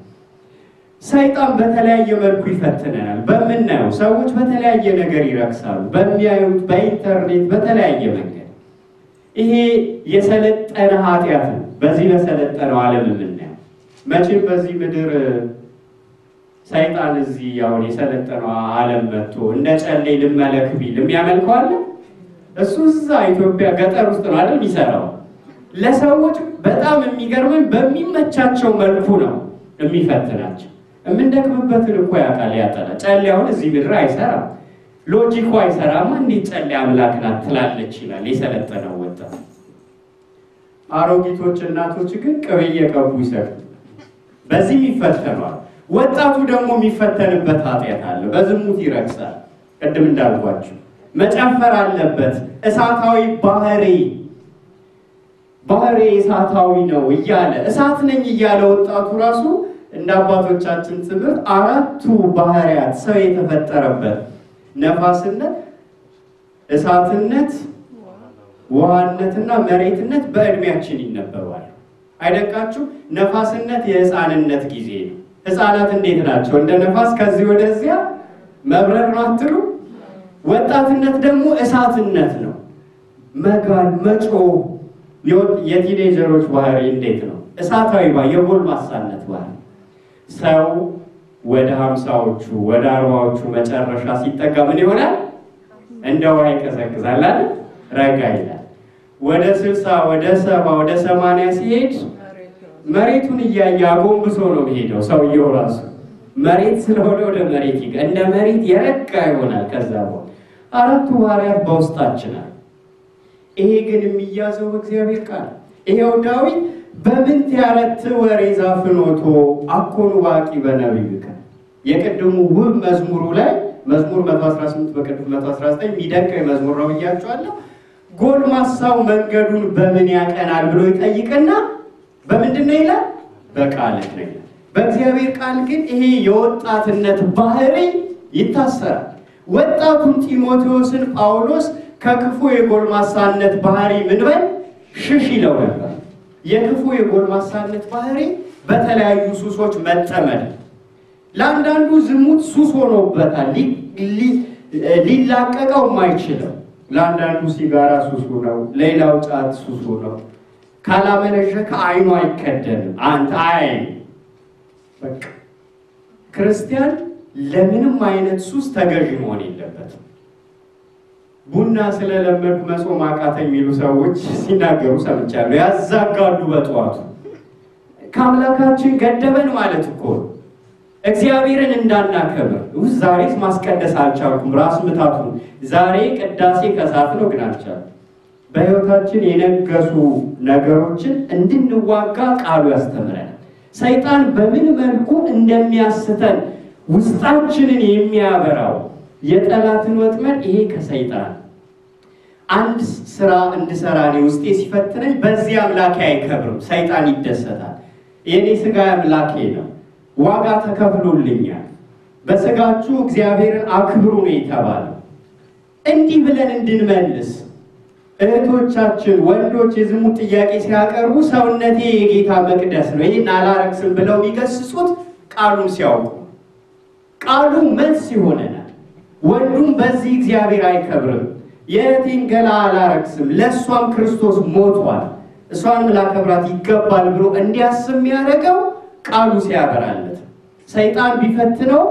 ሰይጣን በተለያየ መልኩ ይፈትነናል። በምናየው ሰዎች በተለያየ ነገር ይረክሳሉ። በሚያዩት፣ በኢንተርኔት፣ በተለያየ መንገድ ይሄ የሰለጠነ ኃጢአት ነው። በዚህ በሰለጠነው ዓለም የምናየው መቼም በዚህ ምድር ሰይጣን እዚህ ያሁን የሰለጠነው ዓለም መጥቶ እንደ ጨሌ ልመለክ ቢል የሚያመልከዋል። እሱ እዛ ኢትዮጵያ ገጠር ውስጥ ነው አይደል የሚሰራው። ለሰዎች በጣም የሚገርመኝ በሚመቻቸው መልኩ ነው የሚፈትናቸው። የምንደክምበትን እኮ ያውቃል ያጠላ ጸሌ አሁን እዚህ ምድር አይሰራም። ሎጂኩ አይሰራማ እንዴት ጸሌ አምላክ ናት ትላለች ይላል የሰለጠነው ወጣት። አሮጊቶች እናቶች ግን ቅቤ እየቀቡ ይሰጡ፣ በዚህ ይፈተኗል። ወጣቱ ደግሞ የሚፈተንበት ኃጢአት አለ። በዝሙት ይረግሳል ቅድም እንዳልኳችሁ መጨፈር አለበት። እሳታዊ ባህሬ ባህሬ እሳታዊ ነው እያለ እሳት ነኝ እያለ ወጣቱ ራሱ እንደ አባቶቻችን ትምህርት አራቱ ባህሪያት ሰው የተፈጠረበት ነፋስነት፣ እሳትነት፣ ውሃነትና መሬትነት በእድሜያችን ይነበባል። አይደቃችሁ? ነፋስነት የህፃንነት ጊዜ ነው። ህፃናት እንዴት ናቸው? እንደ ነፋስ ከዚህ ወደዚያ መብረር ነው አትሉ? ወጣትነት ደግሞ እሳትነት ነው። መጋል መጮ የቲኔጀሮች ባህሪ እንዴት ነው? እሳታዊ የጎልማሳነት ባህሪ ሰው ወደ ሀምሳዎቹ ወደ አርባዎቹ መጨረሻ ሲጠጋ ምን ይሆናል? እንደ ውሃ ይቀዘቅዛል ረጋ ይላል። ወደ ስልሳ ወደ ሰባ ወደ ሰማንያ ሲሄድ መሬቱን እያየ አጎንብሶ ነው የሚሄደው። ሰውየው ራሱ መሬት ስለሆነ ወደ መሬት እንደ መሬት የረጋ ይሆናል። ከዛ በኋላ አራቱ ባህርያት በውስጣችን አሉ። ይሄ ግን የሚያዘው በእግዚአብሔር ቃል ይሄው ዳዊት በምንት ያረት ወሬዛ ፍኖቶ አኮኑ ዋቂ በነቢብከ የቅድሙ ውብ መዝሙሩ ላይ መዝሙር 118 በቅድም 119 የሚደንቀኝ መዝሙር ነው ብያቸዋለሁ። ጎልማሳው መንገዱን በምን ያቀናል ብሎ ይጠይቅና በምንድን ነው ይላል? በቃልህ ነው በእግዚአብሔር ቃል ግን ይሄ የወጣትነት ባህሪ ይታሰራል። ወጣቱን ጢሞቴዎስን ጳውሎስ ከክፉ የጎልማሳነት ባህሪ ምን በል ሽሽ ይለው ነበር። የክፉ የጎልማሳነት ባህሪ በተለያዩ ሱሶች መጠመድ። ለአንዳንዱ ዝሙት ሱስ ሆኖበታል፣ ሊላቀቀው ማይችለው። ለአንዳንዱ ሲጋራ ሱሱ ነው፣ ሌላው ጫት ሱሱ ነው። ካላመነሸ አይኑ አይከደንም። አንተ አይ በቃ ክርስቲያን ለምንም አይነት ሱስ ተገዥ መሆን የለበትም። ቡና ስለለመድኩ መጾም አቃተኝ የሚሉ ሰዎች ሲናገሩ ሰምቻለሁ። ያዛጋሉ። በጠዋቱ ከአምላካችን ገደበን ማለት እኮ እግዚአብሔርን እንዳናከብር ዛሬስ ማስቀደስ አልቻልኩም፣ ራስ ምታቱ ዛሬ ቅዳሴ ከሳት ነው ግን አልቻልኩም። በህይወታችን የነገሱ ነገሮችን እንድንዋጋ ቃሉ ያስተምረናል። ሰይጣን በምን መልኩ እንደሚያስተን ውስጣችንን የሚያበራው የጠላትን ወጥመድ ይሄ ከሰይጣን አንድ ስራ እንድሰራ እኔ ውስጤ ሲፈትነኝ በዚህ አምላኬ አይከብርም፣ ሰይጣን ይደሰታል። የኔ ስጋ አምላኬ ነው፣ ዋጋ ተከፍሎልኛል። በስጋችሁ እግዚአብሔርን አክብሩ ነው የተባለው። እንዲህ ብለን እንድንመልስ እህቶቻችን ወንዶች የዝሙት ጥያቄ ሲያቀርቡ ሰውነቴ የጌታ መቅደስ ነው፣ ይህን አላረክስም ብለው የሚገስጹት ቃሉን ሲያውቁ ቃሉ መልስ ይሆነናል። ወንዱም በዚህ እግዚአብሔር አይከብርም። የእህቴን ገላ አላረክስም፣ ለእሷም ክርስቶስ ሞቷል፣ እሷንም ላከብራት ይገባል ብሎ እንዲያስብ ያደረገው ቃሉ ሲያበራለት ሰይጣን ቢፈትነው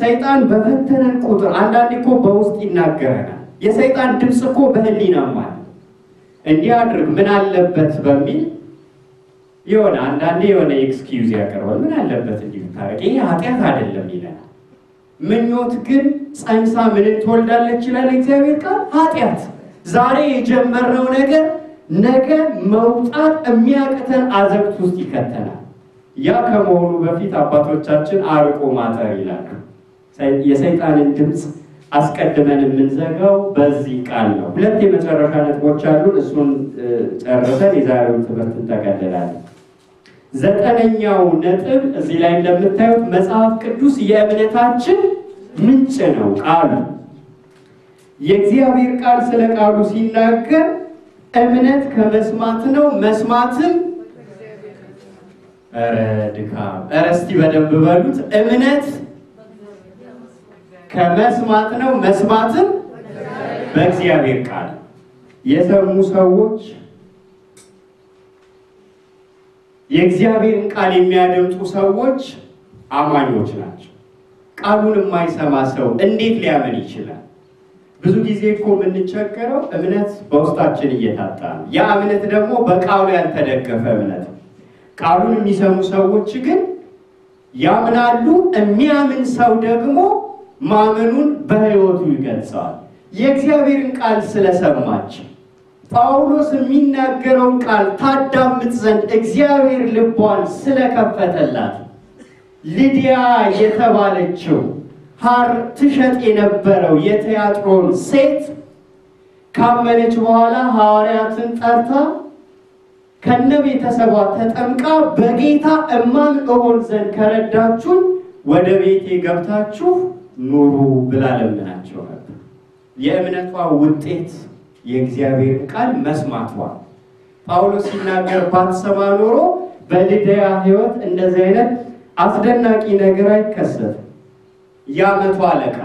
ሰይጣን በፈተነን ቁጥር አንዳንዴ እኮ በውስጥ ይናገረናል። የሰይጣን ድምፅ እኮ በህሊናማል እንዲህ አድርግ ምን አለበት በሚል የሆነ አንዳንዴ የሆነ ኤክስኪዩዝ ያቀርባል። ምን አለበት እንዲህ ብታረግ ይሄ ኃጢአት አይደለም ይለናል። ምኞት ግን ፀንሳ ምን ትወልዳለች ይላል እግዚአብሔር ቃል። ኃጢአት ዛሬ የጀመርነው ነገር ነገ መውጣት የሚያቅተን አዘቅት ውስጥ ይከተናል። ያ ከመሆኑ በፊት አባቶቻችን አርቆ ማጠር ይላል የሰይጣንን ድምፅ አስቀድመን የምንዘጋው በዚህ ቃል ነው። ሁለት የመጨረሻ ነጥቦች አሉ። እሱን ጨርሰን የዛሬውን ትምህርት እንጠቀልላለን። ዘጠነኛው ነጥብ እዚህ ላይ እንደምታዩት መጽሐፍ ቅዱስ የእምነታችን ምንጭ ነው ቃሉ። የእግዚአብሔር ቃል ስለ ቃሉ ሲናገር እምነት ከመስማት ነው፣ መስማትም ኧረ ድካም! ኧረ እስቲ በደንብ በሉት። እምነት ከመስማት ነው፣ መስማትም በእግዚአብሔር ቃል። የሰሙ ሰዎች የእግዚአብሔርን ቃል የሚያደምጡ ሰዎች አማኞች ናቸው። ቃሉን የማይሰማ ሰው እንዴት ሊያምን ይችላል? ብዙ ጊዜ እኮ የምንቸገረው እምነት በውስጣችን እየታጣ ነው። ያ እምነት ደግሞ በቃሉ ያልተደገፈ እምነት። ነው። ቃሉን የሚሰሙ ሰዎች ግን ያምናሉ። የሚያምን ሰው ደግሞ ማመኑን በሕይወቱ ይገልጸዋል። የእግዚአብሔርን ቃል ስለሰማች ጳውሎስ የሚናገረውን ቃል ታዳምጥ ዘንድ እግዚአብሔር ልቧን ስለከፈተላት ሊዲያ የተባለችው ሐር ትሸጥ የነበረው የትያጥሮን ሴት ካመነች በኋላ ሐዋርያትን ጠርታ ከነ ቤተሰቧ ተጠምቃ በጌታ እማን እሆን ዘንድ ከረዳችሁ ወደ ቤቴ ገብታችሁ ኑሩ ብላ ለምናቸው ነበር። የእምነቷ ውጤት የእግዚአብሔርን ቃል መስማቷ። ጳውሎስ ሲናገር ባትሰማ ኖሮ በልድያ ሕይወት እንደዚህ አይነት አስደናቂ ነገር አይከሰትም። የአመቱ አለቃ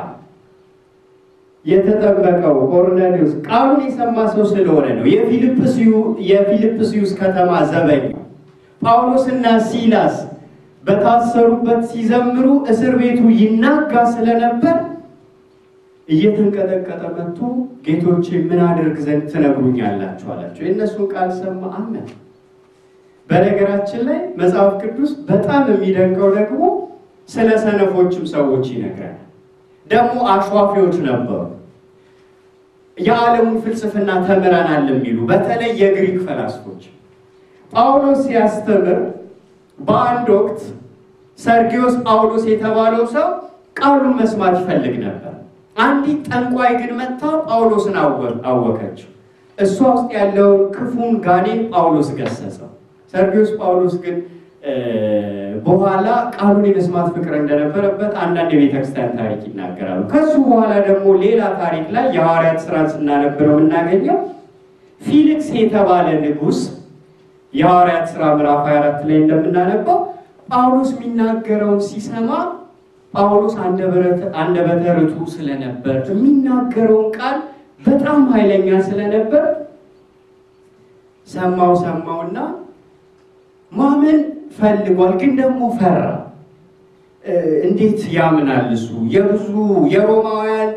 የተጠበቀው ቆርኔሌዎስ ቃሉን የሰማ ሰው ስለሆነ ነው። የፊልጵስዩስ ከተማ ዘበኛ ጳውሎስና ሲላስ በታሰሩበት ሲዘምሩ እስር ቤቱ ይናጋ ስለነበር እየተንቀጠቀጠ መጥቶ ጌቶቼ ምን አድርግ ዘንድ ትነግሩኛላችሁ? አላቸው። የእነሱን ቃል ሰማ አመነ። በነገራችን ላይ መጽሐፍ ቅዱስ በጣም የሚደንቀው ደግሞ ስለ ሰነፎችም ሰዎች ይነግራል። ደግሞ አሿፊዎች ነበሩ። የዓለሙን ፍልስፍና ተምረናል የሚሉ በተለይ የግሪክ ፈላስፎች ጳውሎስ ሲያስተምር በአንድ ወቅት ሰርጊዮስ ጳውሎስ የተባለው ሰው ቃሉን መስማት ይፈልግ ነበር። አንዲት ጠንቋይ ግን መጥታ ጳውሎስን አወቀችው እሷ ውስጥ ያለውን ክፉን ጋኔን ጳውሎስ ገሰጸው። ሰርጊዮስ ጳውሎስ ግን በኋላ ቃሉን የመስማት ፍቅር እንደነበረበት አንዳንድ የቤተክርስቲያን ታሪክ ይናገራሉ። ከሱ በኋላ ደግሞ ሌላ ታሪክ ላይ የሐዋርያት ስራን ስናነበረው የምናገኘው ፊልክስ የተባለ ንጉስ የሐዋርያት ስራ ምዕራፍ 24 ላይ እንደምናነባው ጳውሎስ የሚናገረውን ሲሰማ ጳውሎስ አንደበተ ርቱዕ ስለነበር የሚናገረውን ቃል በጣም ኃይለኛ ስለነበር ሰማው ሰማውና ማመን ፈልጓል፣ ግን ደግሞ ፈራ። እንዴት ያምናል? እሱ የብዙ የሮማውያን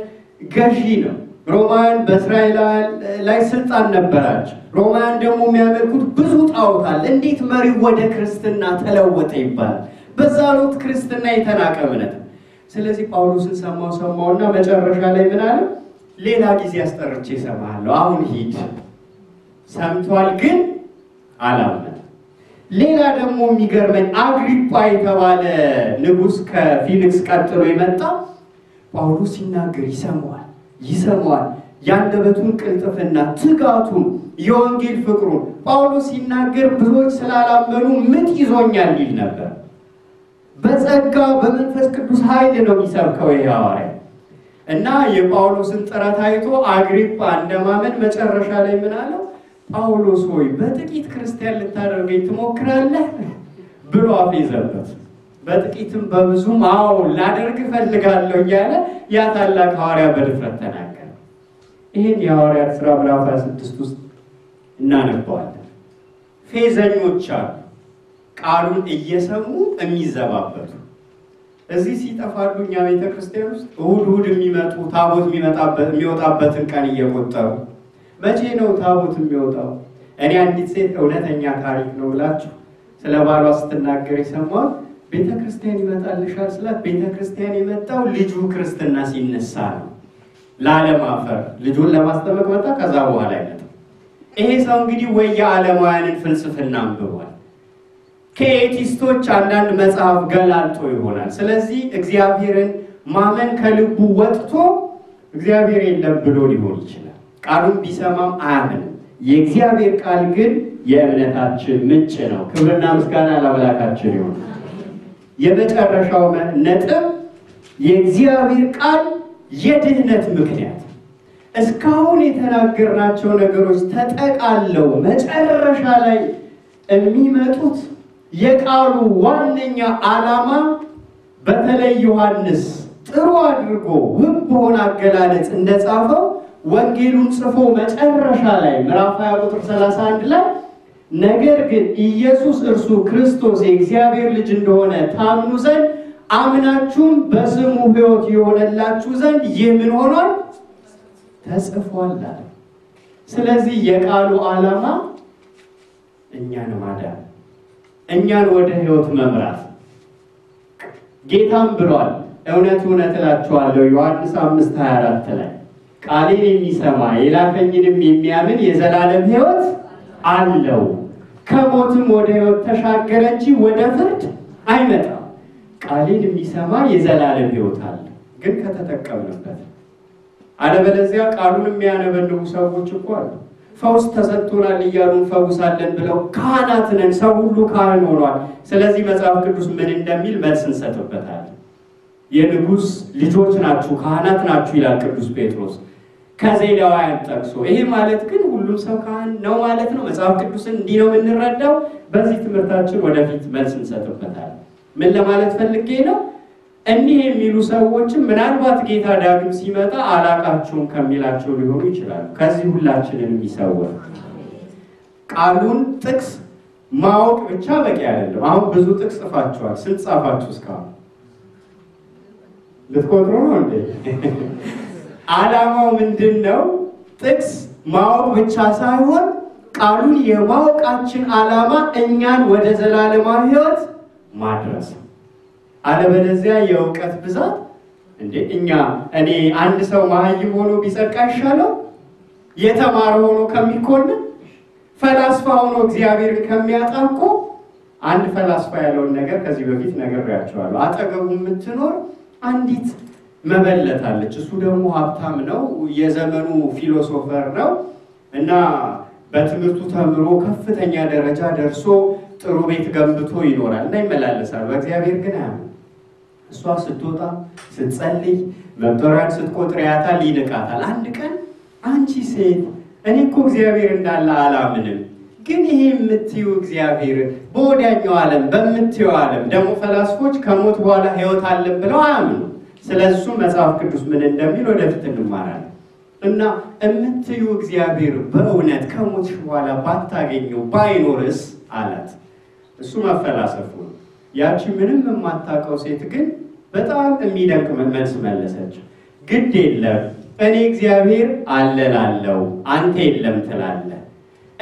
ገዢ ነው። ሮማውያን በእስራኤላውያን ላይ ስልጣን ነበራቸው። ሮማውያን ደግሞ የሚያመልኩት ብዙ ጣዖት አለ። እንዴት መሪው ወደ ክርስትና ተለወጠ ይባላል። በዛ ሎት ክርስትና የተናቀ እምነት። ስለዚህ ጳውሎስን ሰማው ሰማውና መጨረሻ ላይ ምን አለ? ሌላ ጊዜ አስጠርቼ እሰማሃለሁ፣ አሁን ሂድ። ሰምቷል ግን አላምነት። ሌላ ደግሞ የሚገርመኝ አግሪጳ የተባለ ንጉስ ከፊሊክስ ቀጥሎ የመጣ ጳውሎስ ሲናገር ይሰማዋል ይሰማዋል ያንደበቱን ቅልጥፍና ትጋቱን የወንጌል ፍቅሩን ጳውሎስ ሲናገር ብዙዎች ስላላመኑ ምጥ ይዞኛል ይል ነበር። በጸጋ በመንፈስ ቅዱስ ኃይል ነው የሚሰብከው ይህ ሐዋርያ እና የጳውሎስን ጥረት አይቶ አግሪጳ እንደማመን መጨረሻ ላይ ምን አለው? ጳውሎስ ሆይ በጥቂት ክርስቲያን ልታደርገኝ ትሞክራለህ ብሎ አፌዘበት። በጥቂትም በብዙም አዎ ላደርግ እፈልጋለሁ እያለ ያ ታላቅ ሐዋርያ በድፍረት ተናገረ። ይህን የሐዋርያት ሥራ ምዕራፍ 26 ውስጥ እናነባዋለን። ፌዘኞች አሉ፣ ቃሉን እየሰሙ የሚዘባበቱ እዚህ ሲጠፋሉ። እኛ ቤተ ክርስቲያን ውስጥ እሁድ እሁድ የሚመጡ ታቦት የሚወጣበትን ቀን እየቆጠሩ መቼ ነው ታቦት የሚወጣው? እኔ አንዲት ሴት እውነተኛ ታሪክ ነው ብላችሁ ስለ ባሏ ስትናገር የሰማሁት ቤተ ክርስቲያን ይመጣልሻል ስላት ቤተ ክርስቲያን የመጣው ልጁ ክርስትና ሲነሳ ነው። አፈር ልጁን ለማስጠመቅ መጣ። ከዛ በኋላ አይመጣም። ይሄ ሰው እንግዲህ ወይ የዓለማውያንን ፍልስፍና አንብቧል ከኤቲስቶች አንዳንድ መጽሐፍ ገላልጦ ይሆናል። ስለዚህ እግዚአብሔርን ማመን ከልቡ ወጥቶ እግዚአብሔር የለም ብሎ ሊሆን ይችላል። ቃሉን ቢሰማም አያምንም። የእግዚአብሔር ቃል ግን የእምነታችን ምንጭ ነው። ክብርና ምስጋና ለአምላካችን ይሁን። የመጨረሻው ነጥብ የእግዚአብሔር ቃል የድህነት ምክንያት እስካሁን የተናገርናቸው ነገሮች ተጠቃለው መጨረሻ ላይ የሚመጡት የቃሉ ዋነኛ ዓላማ በተለይ ዮሐንስ ጥሩ አድርጎ ውብ በሆነ አገላለጽ እንደጻፈው ወንጌሉን ጽፎ መጨረሻ ላይ ምዕራፍ 20 ቁጥር 31 ላይ ነገር ግን ኢየሱስ እርሱ ክርስቶስ የእግዚአብሔር ልጅ እንደሆነ ታምኑ ዘንድ አምናችሁም በስሙ ሕይወት የሆነላችሁ ዘንድ ይህ ምን ሆኗል ተጽፏል አለ። ስለዚህ የቃሉ ዓላማ እኛን ማዳን፣ እኛን ወደ ሕይወት መምራት። ጌታም ብሏል፣ እውነት እውነት እላችኋለሁ ዮሐንስ 5 24 ላይ ቃሌን የሚሰማ የላከኝንም የሚያምን የዘላለም ሕይወት አለው ከሞትም ወደ ሕይወት ተሻገረ እንጂ ወደ ፍርድ አይመጣም። ቃሌን የሚሰማ የዘላለም ሕይወት አለ፣ ግን ከተጠቀምንበት። አለበለዚያ ቃሉን የሚያነበንቡ ሰዎች እኮ አሉ። ፈውስ ተሰጥቶናል እያሉ እንፈውሳለን ብለው ካህናት ነን፣ ሰው ሁሉ ካህን ሆኗል። ስለዚህ መጽሐፍ ቅዱስ ምን እንደሚል መልስ እንሰጥበታለን። የንጉሥ ልጆች ናችሁ፣ ካህናት ናችሁ ይላል ቅዱስ ጴጥሮስ። ከሌዋውያን ጠቅሶ ይሄ ማለት ግን ሁሉም ሰው ካህን ነው ማለት ነው። መጽሐፍ ቅዱስን እንዲህ ነው የምንረዳው። በዚህ ትምህርታችን ወደፊት መልስ እንሰጥበታል። ምን ለማለት ፈልጌ ነው? እኒህ የሚሉ ሰዎችም ምናልባት ጌታ ዳግም ሲመጣ አላቃቸውም ከሚላቸው ሊሆኑ ይችላሉ። ከዚህ ሁላችንን የሚሰውር ቃሉን ጥቅስ ማወቅ ብቻ በቂ አይደለም። አሁን ብዙ ጥቅስ ጽፋችኋል። ስንት ጻፋችሁ? እስካሁን ልትቆጥሩ ነው እንዴ? ዓላማው ምንድን ነው? ጥቅስ ማወቅ ብቻ ሳይሆን ቃሉን የማወቃችን ዓላማ እኛን ወደ ዘላለማዊ ሕይወት ማድረስ ነው። አለበለዚያ የእውቀት ብዛት እንዴ እኛ እኔ አንድ ሰው መሀይም ሆኖ ቢጸድቅ አይሻለው? የተማረ ሆኖ ከሚኮንን ፈላስፋ ሆኖ እግዚአብሔርን ከሚያጠምቁ አንድ ፈላስፋ ያለውን ነገር ከዚህ በፊት ነግሬያቸዋለሁ። አጠገቡ የምትኖር አንዲት መበለታለች። እሱ ደግሞ ሀብታም ነው፣ የዘመኑ ፊሎሶፈር ነው እና በትምህርቱ ተምሮ ከፍተኛ ደረጃ ደርሶ ጥሩ ቤት ገንብቶ ይኖራል እና ይመላለሳል። በእግዚአብሔር ግን እሷ ስትወጣ ስትጸልይ መቁጠሪያን ስትቆጥር ያታል፣ ይንቃታል። አንድ ቀን አንቺ ሴት እኔ እኮ እግዚአብሔር እንዳለ አላምንም፣ ግን ይሄ የምትዩ እግዚአብሔር በወዲያኛው ዓለም በምትየው ዓለም ደግሞ ፈላስፎች ከሞት በኋላ ህይወት አለን ብለው አያምኑ ስለ እሱ መጽሐፍ ቅዱስ ምን እንደሚል ወደፊት እንማራለን እና እምትዩ እግዚአብሔር በእውነት ከሞትሽ በኋላ ባታገኘው ባይኖርስ አላት። እሱ መፈላሰፉ ነው። ያቺ ምንም የማታውቀው ሴት ግን በጣም የሚደንቅ መልስ መለሰች። ግድ የለም እኔ እግዚአብሔር አለ አንተ የለም ትላለ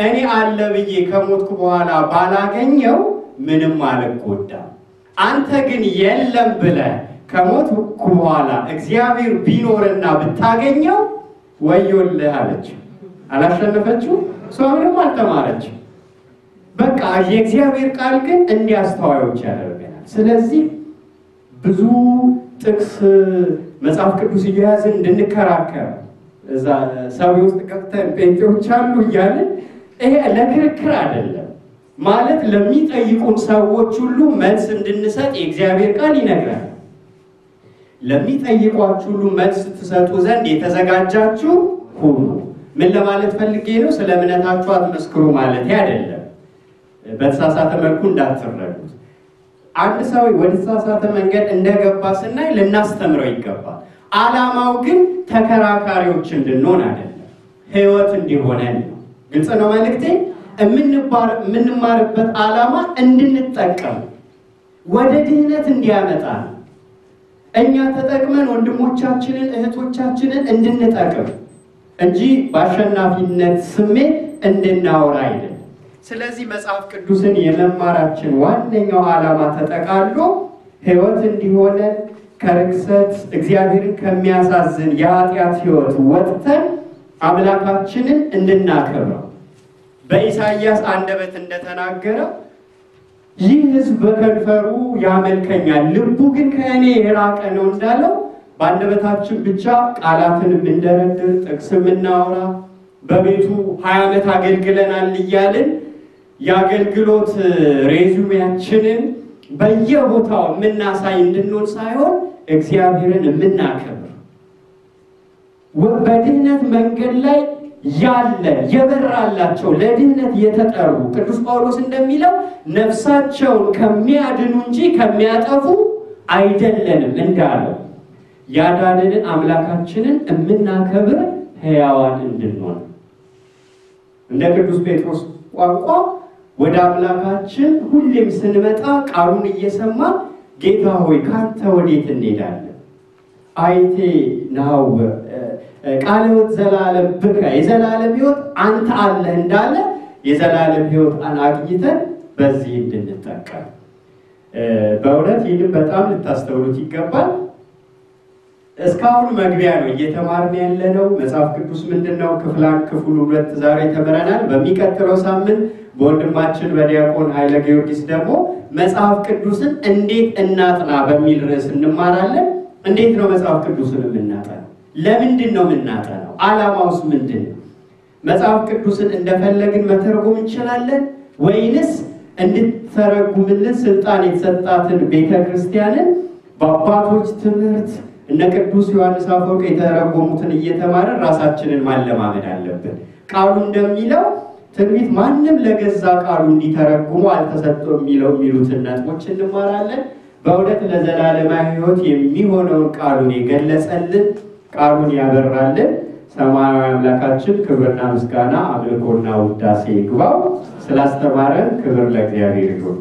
እኔ አለ ብዬ ከሞትኩ በኋላ ባላገኘው ምንም አልጎዳም። አንተ ግን የለም ብለህ ከሞት በኋላ እግዚአብሔር ቢኖርና ብታገኘው ወዮልህ አለች። አላሸነፈችው፣ እሷ ምንም በቃ የእግዚአብሔር ቃል ግን እንዲያስተዋዮች ያደርገናል። ስለዚህ ብዙ ጥቅስ መጽሐፍ ቅዱስ እየያዝን እንድንከራከር እዛ ሰው ውስጥ ገብተን ጴንጤዎች አሉ እያልን ይሄ ለክርክር አይደለም ማለት ለሚጠይቁን ሰዎች ሁሉ መልስ እንድንሰጥ የእግዚአብሔር ቃል ይነግራል። ለሚጠይቋችሁ ሁሉ መልስ ትሰጡ ዘንድ የተዘጋጃችሁ ሁኑ። ምን ለማለት ፈልጌ ነው? ስለ እምነታችሁ አትመስክሩ ማለት አይደለም። በተሳሳተ መልኩ እንዳትረዱት። አንድ ሰው ወደ ተሳሳተ መንገድ እንደገባ ስናይ ልናስተምረው ይገባል። አላማው ግን ተከራካሪዎች እንድንሆን አይደለም፣ ህይወት እንዲሆነን ነው። ግልጽ ነው መልእክቴ። የምንማርበት አላማ እንድንጠቀም ወደ ድህነት እንዲያመጣ ነው። እኛ ተጠቅመን ወንድሞቻችንን እህቶቻችንን እንድንጠቅም እንጂ በአሸናፊነት ስሜት እንድናወራ አይደለም። ስለዚህ መጽሐፍ ቅዱስን የመማራችን ዋነኛው ዓላማ ተጠቃሎ ሕይወት እንዲሆነን ከርክሰት እግዚአብሔርን ከሚያሳዝን የኃጢአት ሕይወት ወጥተን አምላካችንን እንድናከብረው በኢሳይያስ አንደበት እንደተናገረው ይህ ህዝብ በከንፈሩ ያመልከኛል፣ ልቡ ግን ከእኔ የራቀ ነው እንዳለው በአንደበታችን ብቻ ቃላትንም እንደረድር ጥቅስም እናወራ በቤቱ ሀያ ዓመት አገልግለናል እያልን የአገልግሎት ሬዙሜያችንን በየቦታው የምናሳይ እንድንሆን ሳይሆን እግዚአብሔርን የምናከብር በድህነት መንገድ ላይ ያለ የበራላቸው ለድህነት የተጠሩ ቅዱስ ጳውሎስ እንደሚለው ነፍሳቸውን ከሚያድኑ እንጂ ከሚያጠፉ አይደለንም እንዳለው ያዳንን አምላካችንን የምናከብር ሕያዋን እንድንሆን እንደ ቅዱስ ጴጥሮስ ቋንቋ ወደ አምላካችን ሁሌም ስንመጣ ቃሉን እየሰማ ጌታ ሆይ ካንተ ወዴት እንሄዳለን? አይቴ ናው ቃለ ሕይወት ዘላለም ብከ የዘላለም ሕይወት አንተ አለ እንዳለ የዘላለም ሕይወት አግኝተን በዚህ እንድንጠቀም በእውነት ይህንም በጣም ልታስተውሉት ይገባል። እስካሁን መግቢያ ነው እየተማርን ያለ ነው። መጽሐፍ ቅዱስ ምንድን ነው? ክፍል አንድ ክፍል ሁለት ዛሬ ተምረናል። በሚቀጥለው ሳምንት በወንድማችን በዲያቆን ኃይለ ጊዮርጊስ ደግሞ መጽሐፍ ቅዱስን እንዴት እናጥና በሚል ርዕስ እንማራለን። እንዴት ነው መጽሐፍ ቅዱስን የምናጠና? ለምንድን ነው የምናጠነው? ዓላማውስ ምንድን ነው? መጽሐፍ ቅዱስን እንደፈለግን መተርጎም እንችላለን ወይንስ እንድትተረጉምልን ስልጣን የተሰጣትን ቤተ ክርስቲያንን በአባቶች ትምህርት እነ ቅዱስ ዮሐንስ አፈወርቅ የተረጎሙትን እየተማርን ራሳችንን ማለማመድ አለብን። ቃሉ እንደሚለው ትንቢት ማንም ለገዛ ቃሉ እንዲተረጉሙ አልተሰጠ የሚለው የሚሉትን ነጥቦች እንማራለን። በእውነት ለዘላለማ ሕይወት የሚሆነውን ቃሉን የገለጸልን ቃሉን ያበራልን ሰማያዊ አምላካችን ክብርና ምስጋና አምልኮና ውዳሴ ይግባው። ስላስተማረን ክብር ለእግዚአብሔር ይሁን።